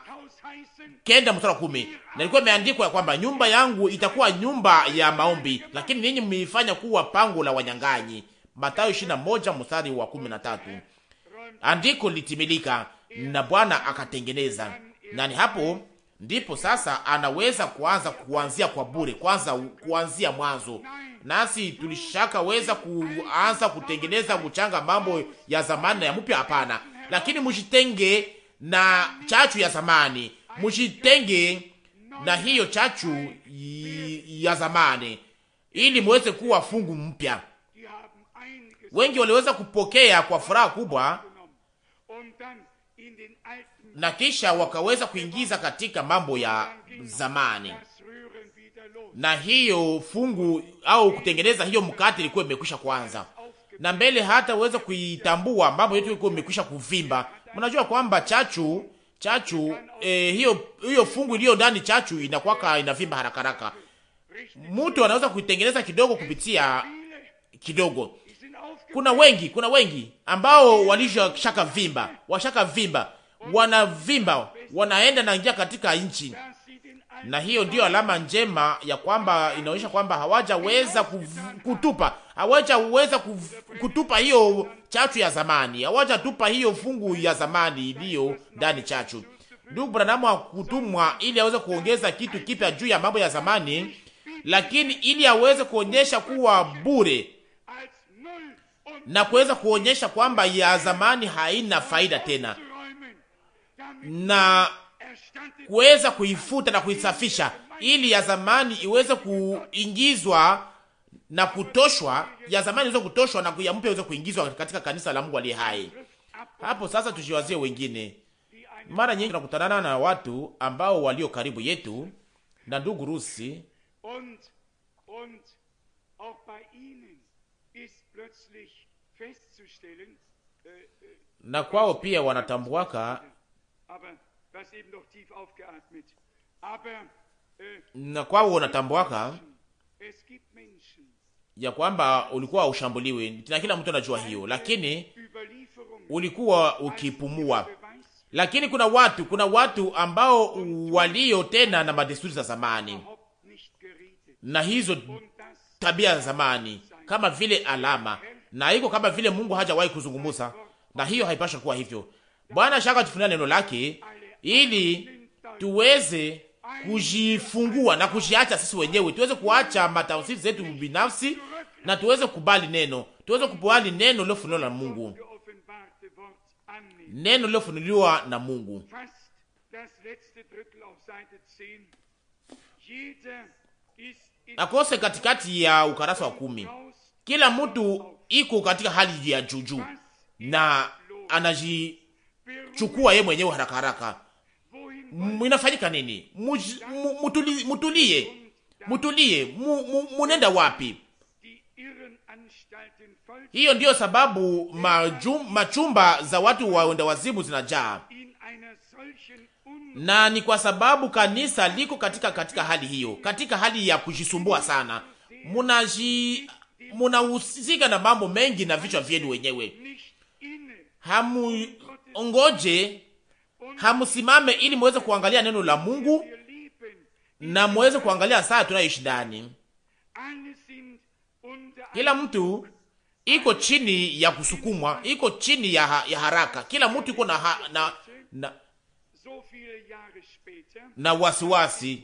kenda mstari wa kumi nalikuwa imeandikwa ya kwamba nyumba yangu itakuwa nyumba ya maombi, lakini ninyi mmeifanya kuwa pango la wanyang'anyi. Mathayo moja mstari wa kumi na tatu. Andiko litimilika na Bwana akatengeneza nani. Hapo ndipo sasa anaweza kuanza kuanzia kwa bure, kwanza kuanzia mwanzo. Nasi tulishakaweza kuanza kutengeneza kuchanga mambo ya zamani na ya mpya? Hapana, lakini mshitenge na chachu ya zamani mujitenge na hiyo chachu ya zamani, ili muweze kuwa fungu mpya. Wengi waliweza kupokea kwa furaha kubwa, na kisha wakaweza kuingiza katika mambo ya zamani, na hiyo fungu au kutengeneza hiyo mkate ilikuwa imekwisha kwanza, na mbele hata uweze kuitambua mambo yetu ilikuwa imekwisha kuvimba. Mnajua kwamba chachu chachu eh, hiyo hiyo fungu iliyo ndani chachu inakwaka inavimba haraka haraka. Mtu anaweza kuitengeneza kidogo kupitia kidogo. Kuna wengi, kuna wengi ambao walisha shaka vimba, washaka vimba, wanavimba, wanaenda na ingia katika nchi na hiyo ndiyo alama njema ya kwamba inaonyesha kwamba hawajaweza kutupa, hawajaweza kutupa hiyo chachu ya zamani, hawajatupa hiyo fungu ya zamani iliyo ndani chachu. Ndugu Branamu hakutumwa ili aweze kuongeza kitu kipya juu ya mambo ya zamani, lakini ili aweze kuonyesha kuwa bure na kuweza kuonyesha kwamba ya zamani haina faida tena na kuweza kuifuta na kuisafisha ili ya zamani iweze kuingizwa na kutoshwa, ya zamani iweze kutoshwa na ya mpya iweze kuingizwa katika kanisa la Mungu aliye hai. Hapo sasa tujiwazie wengine. Mara nyingi tunakutana na watu ambao walio karibu yetu na ndugu Rusi äh, äh, na kwao pia wanatambuaka Äh, na kwao unatambwaka ya kwamba ulikuwa ushambuliwe na kila mtu anajua hiyo, lakini ulikuwa ukipumua. Lakini kuna watu, kuna watu ambao walio tena na madesturi za zamani na hizo tabia za zamani kama vile alama, na iko kama vile Mungu hajawahi kuzungumza, na hiyo haipasha kuwa hivyo. Bwana shaka tufunia neno lake ili tuweze kujifungua na kujiacha sisi wenyewe, tuweze kuacha matafsiri zetu binafsi na tuweze kubali neno, tuweze kubali neno lilofunuliwa na Mungu, neno lilofunuliwa na Mungu. Akose katikati ya ukarasa wa kumi, kila mtu iko katika hali ya juju na anajichukua ye mwenyewe haraka haraka mnafanyika nini? Mutulie, mutulie, mutulie, munenda wapi? Hiyo ndiyo sababu majum, machumba za watu waenda wazimu zinajaa, na ni kwa sababu kanisa liko katika katika hali hiyo, katika hali ya kujisumbua sana. Munaji munahusika na mambo mengi na vichwa vyenu wenyewe, hamuongoje hamsimame ili muweze kuangalia neno la Mungu na muweze kuangalia saa tunayoishi ndani. Kila mtu iko chini ya kusukumwa, iko chini ya, ha, ya haraka. Kila mtu iko na, ha, na, na, na wasiwasi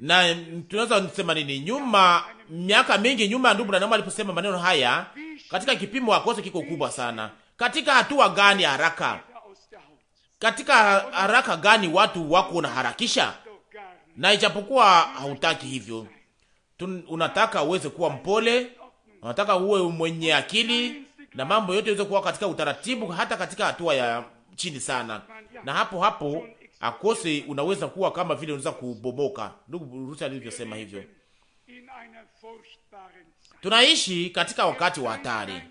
na tunaweza kusema nini? Nyuma miaka mingi nyuma, ndugu Branham aliposema maneno haya, katika kipimo akose kiko kubwa sana. Katika hatua gani haraka katika haraka gani watu wako unaharakisha, na ijapokuwa hautaki hivyo, unataka uweze kuwa mpole, unataka uwe mwenye akili na mambo yote iweze kuwa katika utaratibu, hata katika hatua ya chini sana, na hapo hapo akose unaweza kuwa kama vile unaweza kubomoka. Ndugu Rusi alivyosema hivyo, tunaishi katika wakati wa hatari.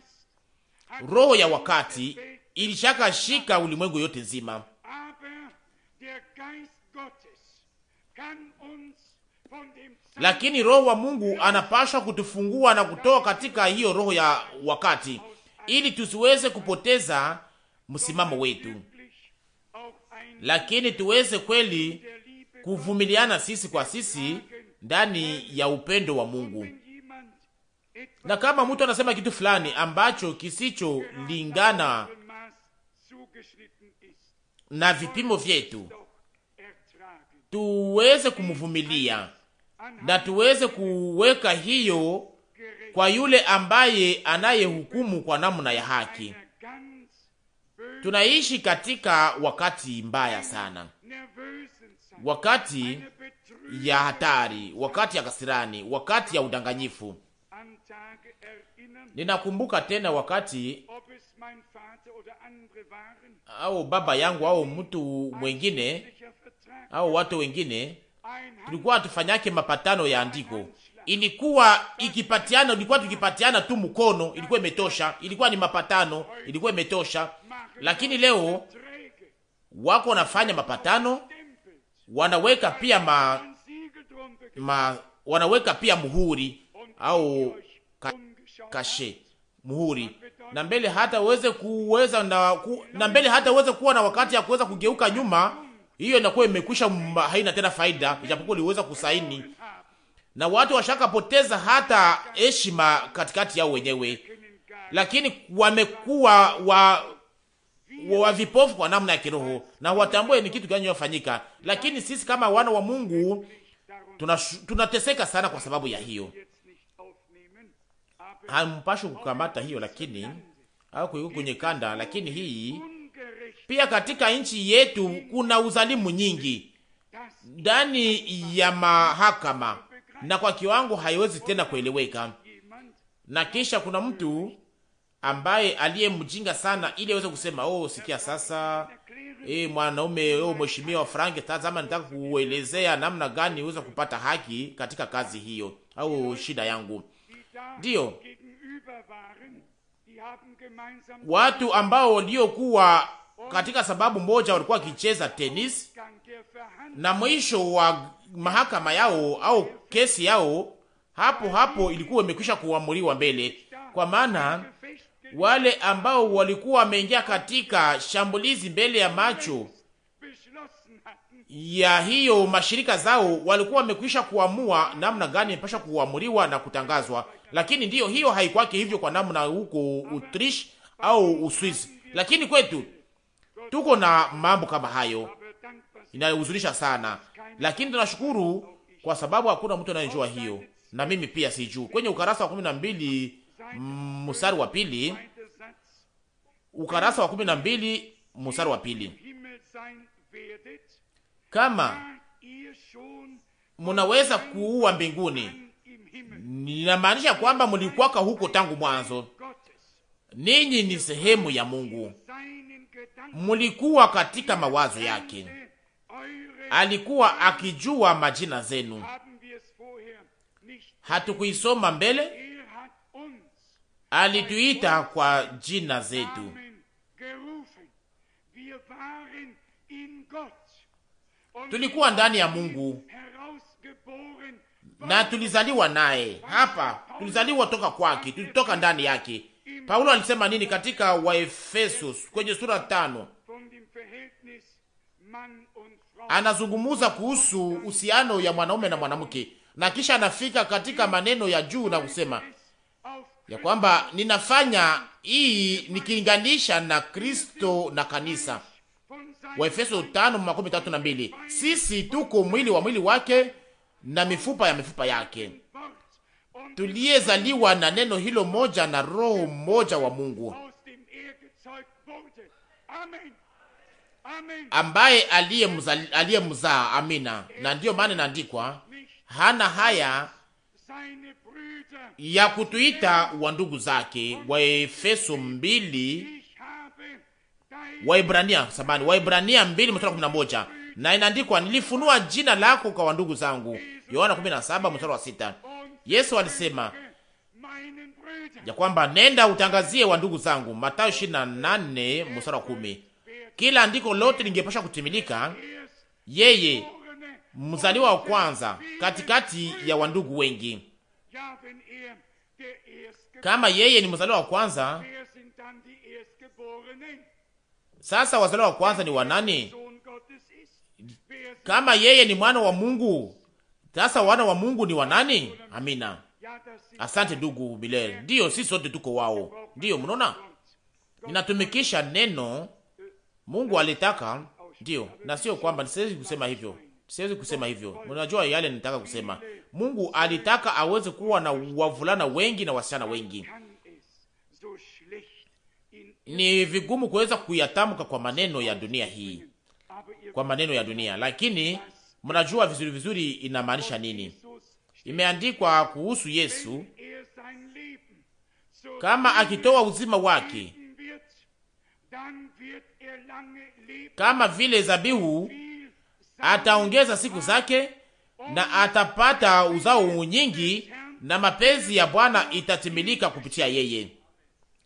Roho ya wakati shika ulimwengu yote nzima, lakini roho wa Mungu anapasha kutufungua na kutoa katika hiyo roho ya wakati, ili tusiweze kupoteza msimamo wetu, lakini tuweze kweli kuvumiliana sisi kwa sisi ndani ya upendo wa Mungu. Na kama mtu anasema kitu fulani ambacho kisicho lingana na vipimo vyetu, tuweze kumvumilia na tuweze kuweka hiyo kwa yule ambaye anayehukumu kwa namna ya haki. Tunaishi katika wakati mbaya sana, wakati ya hatari, wakati ya kasirani, wakati ya udanganyifu. Ninakumbuka tena wakati au baba yangu au mtu mwengine au watu wengine, tulikuwa tufanyake mapatano ya andiko, ilikuwa ikipatiana, ilikuwa tukipatiana tu mkono, ilikuwa imetosha, ilikuwa ni mapatano, ilikuwa imetosha. Lakini leo wako wanafanya mapatano, wanaweka pia ma, ma wanaweka pia muhuri au kashe muhuri na mbele hata uweze kuweza na, ku, na mbele hata uweze kuwa na wakati ya kuweza kugeuka nyuma, hiyo inakuwa imekwisha, haina tena faida, ijapokuwa uliweza kusaini, na watu washakapoteza hata heshima katikati yao wenyewe, lakini wamekuwa wa wa vipofu kwa namna ya kiroho na watambue ni kitu gani yofanyika. Lakini sisi kama wana wa Mungu tunateseka tuna sana kwa sababu ya hiyo hampashi kukamata hiyo, lakini au kuiweka kwenye kanda, lakini hii pia katika nchi yetu kuna uzalimu nyingi ndani ya mahakama, na kwa kiwango haiwezi tena kueleweka. Na kisha kuna mtu ambaye aliyemjinga sana, ili aweze kusema oh, sikia sasa E, mwanaume oh, mheshimiwa Frank, tazama, nataka kuelezea namna gani uweza kupata haki katika kazi hiyo au shida yangu. Ndiyo, watu ambao waliokuwa oh. katika sababu moja walikuwa wakicheza tenis, na mwisho wa mahakama yao au kesi yao hapo hapo ilikuwa imekwisha kuamuliwa mbele, kwa maana wale ambao walikuwa wameingia katika shambulizi mbele ya macho ya hiyo mashirika zao walikuwa wamekwisha kuamua namna gani imepasha kuamuriwa na kutangazwa, lakini ndiyo hiyo haikwake hivyo kwa namna huko Utrish au Uswizi, lakini kwetu tuko na mambo kama hayo, inayohuzunisha sana, lakini tunashukuru kwa sababu hakuna mtu anayejua hiyo, na mimi pia sijui. Kwenye ukarasa wa kumi na mbili mstari wa pili, ukarasa wa kumi na mbili mstari wa pili kama munaweza kuua mbinguni, ninamaanisha kwamba mulikwaka huko tangu mwanzo. Ninyi ni sehemu ya Mungu, mulikuwa katika mawazo yake. Alikuwa akijua majina zenu. Hatukuisoma mbele, alituita kwa jina zetu tulikuwa ndani ya Mungu na tulizaliwa naye hapa, tulizaliwa toka kwake, tulitoka ndani yake. Paulo alisema nini katika Waefeso kwenye sura tano? Anazungumuza kuhusu uhusiano ya mwanaume na mwanamke, na kisha anafika katika maneno ya juu na kusema ya kwamba ninafanya hii nikiinganisha na Kristo na kanisa Waefeso tano makumi tatu na mbili. Sisi tuko mwili wa mwili wake na mifupa ya mifupa yake, tuliyezaliwa na neno hilo moja na roho moja wa Mungu ambaye aliyemzaa. Amina. Na ndiyo maana inaandikwa hana haya ya kutuita wa ndugu zake, Waefeso mbili Waibrania sabani, Waibrania 2:11 na inaandikwa, nilifunua jina lako kwa wandugu zangu, Yohana 17:6. Yesu alisema ya kwamba nenda utangazie wandugu zangu, Mathayo 28:10. Kila andiko lote lingepasha kutimilika, yeye mzaliwa wa kwanza katikati ya wandugu wengi. Kama yeye ni mzaliwa wa kwanza sasa wazaliwa wa kwanza ni wanani? Kama yeye ni mwana wa Mungu, sasa wana wa Mungu ni wanani? Amina. Asante ndugu Bilel. Ndiyo, si sote tuko wao. Ndiyo, mnaona ninatumikisha neno Mungu alitaka, ndiyo, na sio kwamba siwezi kusema hivyo, siwezi kusema hivyo. Mnajua yale nitaka kusema. Mungu alitaka aweze kuwa na wavulana wengi na wasichana wengi, ni vigumu kuweza kuyatamka kwa maneno ya dunia hii, kwa maneno ya dunia, lakini mnajua vizuri vizuri inamaanisha nini. Imeandikwa kuhusu Yesu kama akitoa uzima wake kama vile zabihu, ataongeza siku zake na atapata uzao nyingi, na mapenzi ya Bwana itatimilika kupitia yeye.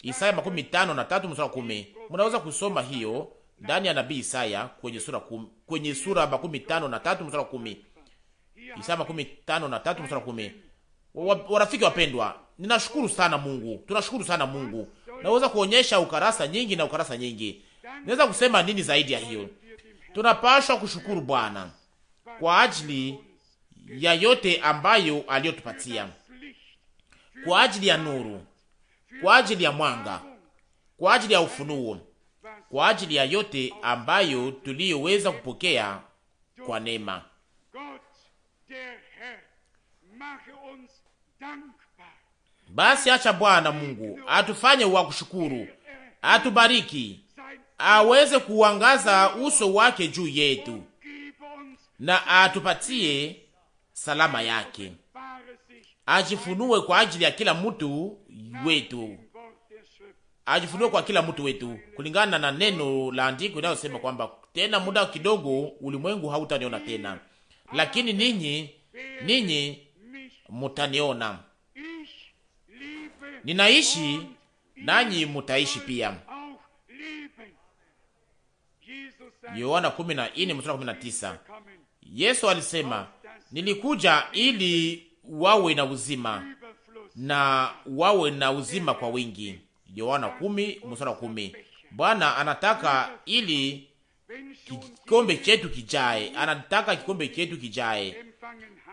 Isaya makumi tano na tatu msura kumi. Mnaweza kusoma hiyo ndani ya nabii Isaya kwenye sura kumi, kwenye sura makumi tano na tatu msura kumi. Isaya makumi tano na tatu msura kumi. Warafiki wapendwa, ninashukuru sana Mungu, tunashukuru sana Mungu. Naweza kuonyesha ukarasa nyingi na ukarasa nyingi, naweza kusema nini zaidi ya hiyo? Tunapashwa kushukuru Bwana kwa ajili ya yote ambayo aliyotupatia, kwa ajili ya nuru kwa ajili ya mwanga, kwa ajili ya ufunuo, kwa ajili ya yote ambayo tuliyoweza kupokea kwa neema. Basi acha Bwana Mungu atufanye wa kushukuru, atubariki, aweze kuangaza uso wake juu yetu na atupatie salama yake, ajifunue kwa ajili ya kila mtu wetu, ajifunue kwa kila mtu wetu kulingana na neno la andiko inayosema kwamba tena muda kidogo ulimwengu hautaniona tena, lakini ninyi ninyi mutaniona. Ninaishi nanyi mutaishi pia. Yohana 14:19. Yesu alisema, nilikuja ili wawe na uzima na wawe na uzima kwa wingi. Yohana kumi mstari wa kumi. Bwana anataka ili kikombe chetu kijae, anataka kikombe chetu kijae.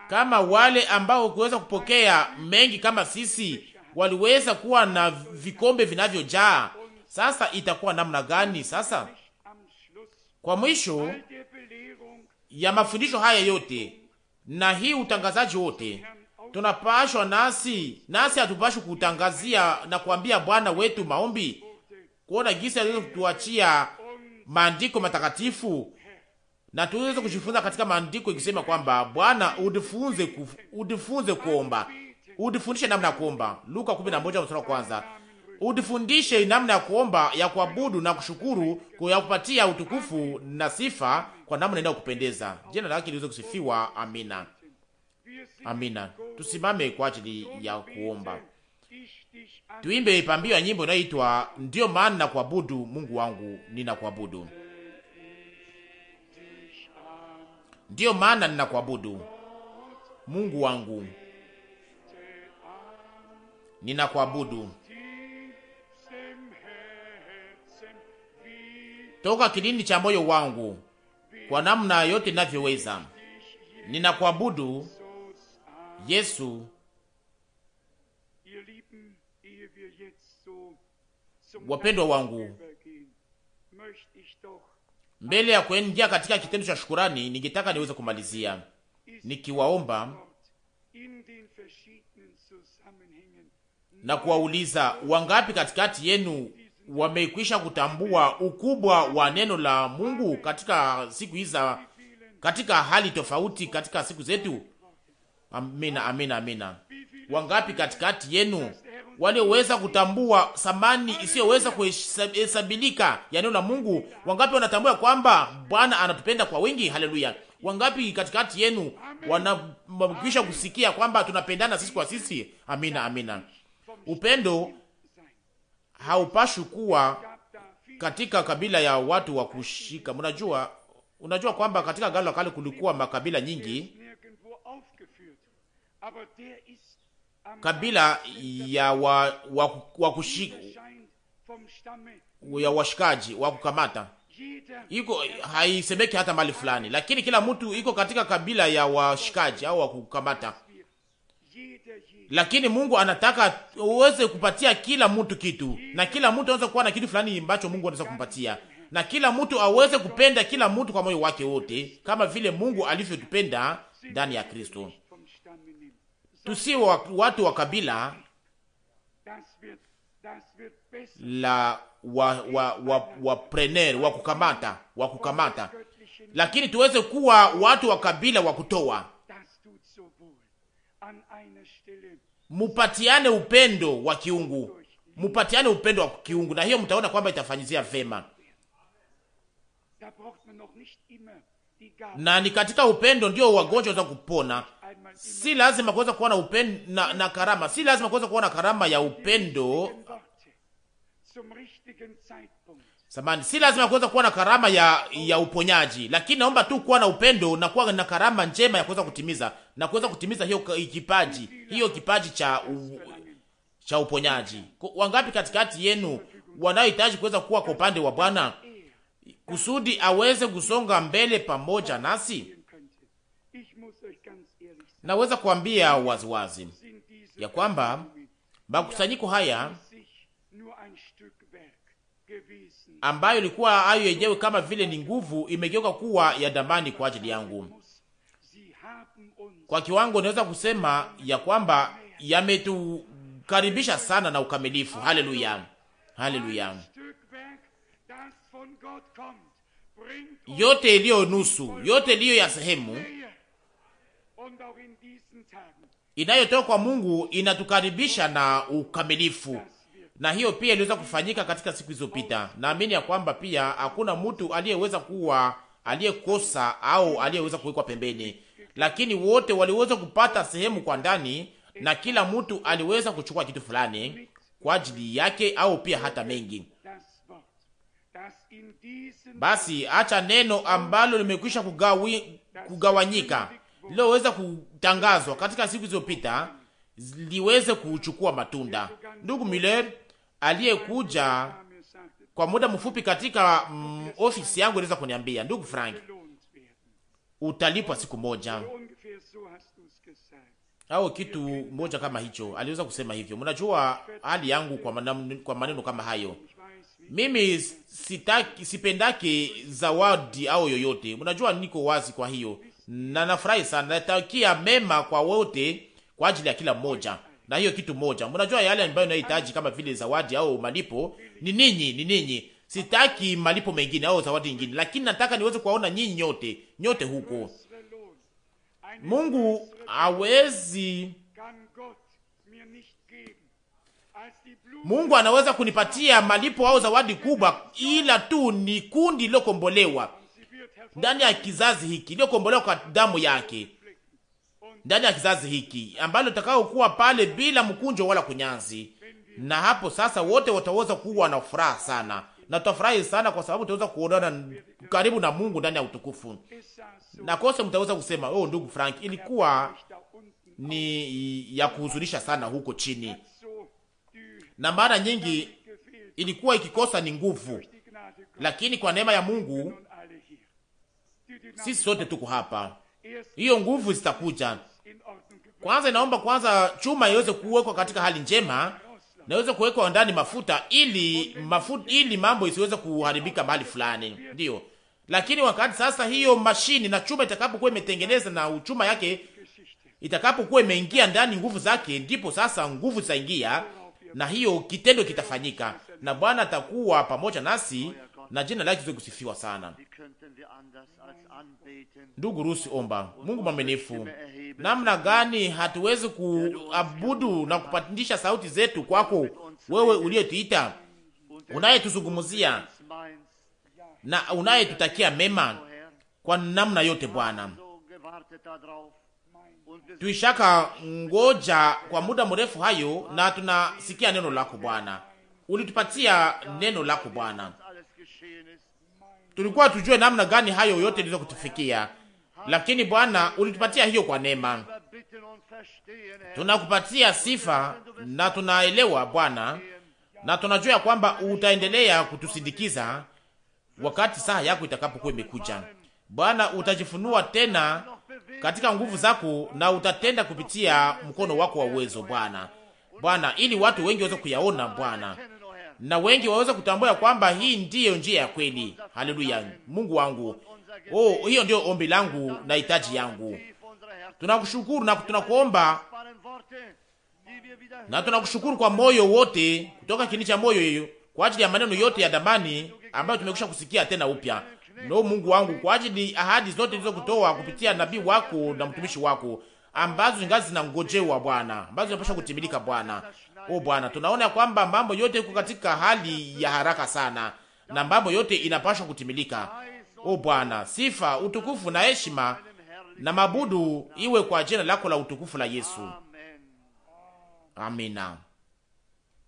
Kama wale ambao kuweza kupokea mengi kama sisi waliweza kuwa na vikombe vinavyojaa, sasa itakuwa namna gani? Sasa kwa mwisho ya mafundisho haya yote na hii utangazaji wote tunapashwa nasi nasi hatupashi kutangazia na kuambia Bwana wetu maombi, kuona gisi alizotuachia maandiko matakatifu na tuweze kujifunza katika maandiko ikisema kwamba Bwana udifunze kufu, udifunze kuomba, udifundishe namna ya kuomba. Luka 11 mstari wa kwanza. Udifundishe namna ya kuomba, ya kuabudu na kushukuru, kwa kupatia utukufu na sifa kwa namna inayokupendeza. Jina lake liweze kusifiwa. Amina. Amina. Tusimame kwa ajili ya kuomba. Tuimbe pambio ya nyimbo inaitwa ndiyo maana na kuabudu Mungu wangu ninakuabudu, ndiyo maana ninakuabudu Mungu wangu ninakuabudu toka kilindi cha moyo wangu kwa namna yote ninavyoweza, ninakuabudu Yesu. Wapendwa wangu, mbele ya kuingia katika kitendo cha shukurani, ningetaka niweze kumalizia nikiwaomba na kuwauliza wangapi katikati yenu wamekwisha kutambua ukubwa wa neno la Mungu katika siku hizi, katika hali tofauti, katika siku zetu. Amina, amina, amina. Wangapi katikati yenu walioweza kutambua thamani isiyoweza kuhesabilika ya neno la Mungu? Wangapi wanatambua kwamba Bwana anatupenda kwa wingi? Haleluya! Wangapi katikati yenu wanakwisha kusikia kwamba tunapendana sisi kwa sisi? Amina, amina. Upendo haupashi kuwa katika kabila ya watu wa kushika. Mnajua, unajua kwamba katika galo kale kulikuwa makabila nyingi kabila ya wa, wa, wa kushi, ya washikaji wa kukamata iko haisemeki hata mali fulani, lakini kila mtu iko katika kabila ya washikaji au wa kukamata. Lakini Mungu anataka uweze kupatia kila mtu kitu, na kila mtu anaweza kuwa na kitu fulani ambacho Mungu anaweza kumpatia, na kila mtu aweze kupenda kila mtu kwa moyo wake wote, kama vile Mungu alivyotupenda ndani ya Kristo tusiwe watu wa kabila la wa wa, wa, wa kukamata wa kukamata, lakini tuweze kuwa watu wa kabila wa kutoa. Mupatiane upendo wa kiungu, mupatiane upendo wa kiungu, na hiyo mtaona kwamba itafanyizia vema na ni katika upendo ndio wagonjwa waweza kupona. Si lazima kuweza kuwa na upendo na, na karama. Si lazima kuweza kuwa na karama ya upendo. Samani, si lazima kuweza kuwa na karama ya ya uponyaji, lakini naomba tu kuwa na upendo na kuwa na karama njema ya kuweza kutimiza na kuweza kutimiza hiyo kipaji, hiyo kipaji cha u, cha uponyaji. Wangapi katikati yenu wanaohitaji kuweza kuwa kwa upande wa Bwana kusudi aweze kusonga mbele pamoja nasi? Naweza kuambia waziwazi ya kwamba makusanyiko haya ambayo ilikuwa hayo yenyewe kama vile ni nguvu, imegeuka kuwa ya damani kwa ajili yangu. Kwa kiwango naweza kusema ya kwamba yametukaribisha sana na ukamilifu. Haleluya, haleluya! Yote iliyo nusu, yote iliyo ya sehemu inayotoka kwa Mungu inatukaribisha na ukamilifu, na hiyo pia iliweza kufanyika katika siku zilizopita. Naamini ya kwamba pia hakuna mtu aliyeweza kuwa aliyekosa au aliyeweza kuwekwa pembeni, lakini wote waliweza kupata sehemu kwa ndani, na kila mtu aliweza kuchukua kitu fulani kwa ajili yake au pia hata mengi. Basi acha neno ambalo limekwisha kugawi, kugawanyika liloweza kutangazwa katika siku zilizopita liweze kuchukua matunda. Ndugu Miller aliyekuja kwa muda mfupi katika mm, ofisi yangu aliweza kuniambia, ndugu Frank, utalipwa siku moja au kitu moja kama hicho. Aliweza kusema hivyo. Mnajua hali yangu kwa maneno, kwa maneno kama hayo. Mimi sitaki, sipendaki zawadi au yoyote. Mnajua niko wazi, kwa hiyo na nafurahi sana, natakia mema kwa wote kwa ajili ya kila mmoja, na hiyo kitu moja. Mnajua yale ambayo unahitaji kama vile zawadi au malipo ni ninyi, ni ninyi. Sitaki malipo mengine au zawadi nyingine, lakini nataka niweze kuwaona nyinyi nyote, nyote huko. Mungu hawezi Mungu anaweza kunipatia malipo au zawadi kubwa, ila tu ni kundi lilokombolewa ndani ya kizazi hiki iliyokombolewa kwa damu yake, ndani ya kizazi hiki ambalo litakaokuwa pale bila mkunjo wala kunyanzi. Na hapo sasa wote wataweza kuwa na furaha sana, na tutafurahi sana kwa sababu tutaweza kuonana karibu na Mungu ndani ya utukufu. Na kose mtaweza kusema oh, ndugu Frank, ilikuwa ni ya kuhuzunisha sana huko chini, na mara nyingi ilikuwa ikikosa ni nguvu, lakini kwa neema ya Mungu sisi sote tuko hapa, hiyo nguvu zitakuja. Kwanza inaomba kwanza chuma iweze kuwekwa katika hali njema na iweze kuwekwa ndani mafuta, ili mafuta, ili mambo isiweze kuharibika mahali fulani, ndio. Lakini wakati sasa hiyo mashini na chuma itakapokuwa imetengeneza na uchuma yake itakapokuwa imeingia ndani nguvu zake, ndipo sasa nguvu zaingia na hiyo kitendo kitafanyika, na Bwana atakuwa pamoja nasi, na jina lake liweze kusifiwa sana. Ndugu Rusi, omba Mungu mwaminifu, namna gani hatuwezi kuabudu na kupandisha sauti zetu kwako wewe uliyetuita, unayetuzungumzia na unayetutakia mema kwa namna yote. Bwana, tuishaka ngoja kwa muda mrefu hayo, na tunasikia neno lako Bwana, ulitupatia neno lako Bwana tulikuwa tujue namna gani hayo yote iliweza kutufikia, lakini Bwana ulitupatia hiyo kwa neema. Tunakupatia sifa na tunaelewa Bwana, na tunajua kwamba utaendelea kutusindikiza wakati saa yako itakapokuwa imekuja. Bwana utajifunua tena katika nguvu zako na utatenda kupitia mkono wako wa uwezo Bwana, Bwana, ili watu wengi waweze kuyaona Bwana na wengi waweza kutambua ya kwamba hii ndiyo njia ya kweli. Haleluya! Mungu wangu, oh, hiyo ndio ombi langu na hitaji yangu. Tunakushukuru na tunakuomba na tunakushukuru kwa moyo wote, kutoka kini cha moyo hiyo, kwa ajili ya maneno yote ya damani ambayo tumekwisha kusikia tena upya. No, Mungu wangu, kwa ajili ahadi zote zilizo kutoa kupitia nabii wako na mtumishi wako ambazo ingazi zinangojewa Bwana, ambazo zinapaswa kutimilika Bwana, O oh, Bwana, tunaona kwamba mambo yote iko katika hali ya haraka sana na mambo yote inapashwa kutimilika. O oh, Bwana, sifa, utukufu na heshima na mabudu iwe kwa jina lako la utukufu la Yesu. Amina.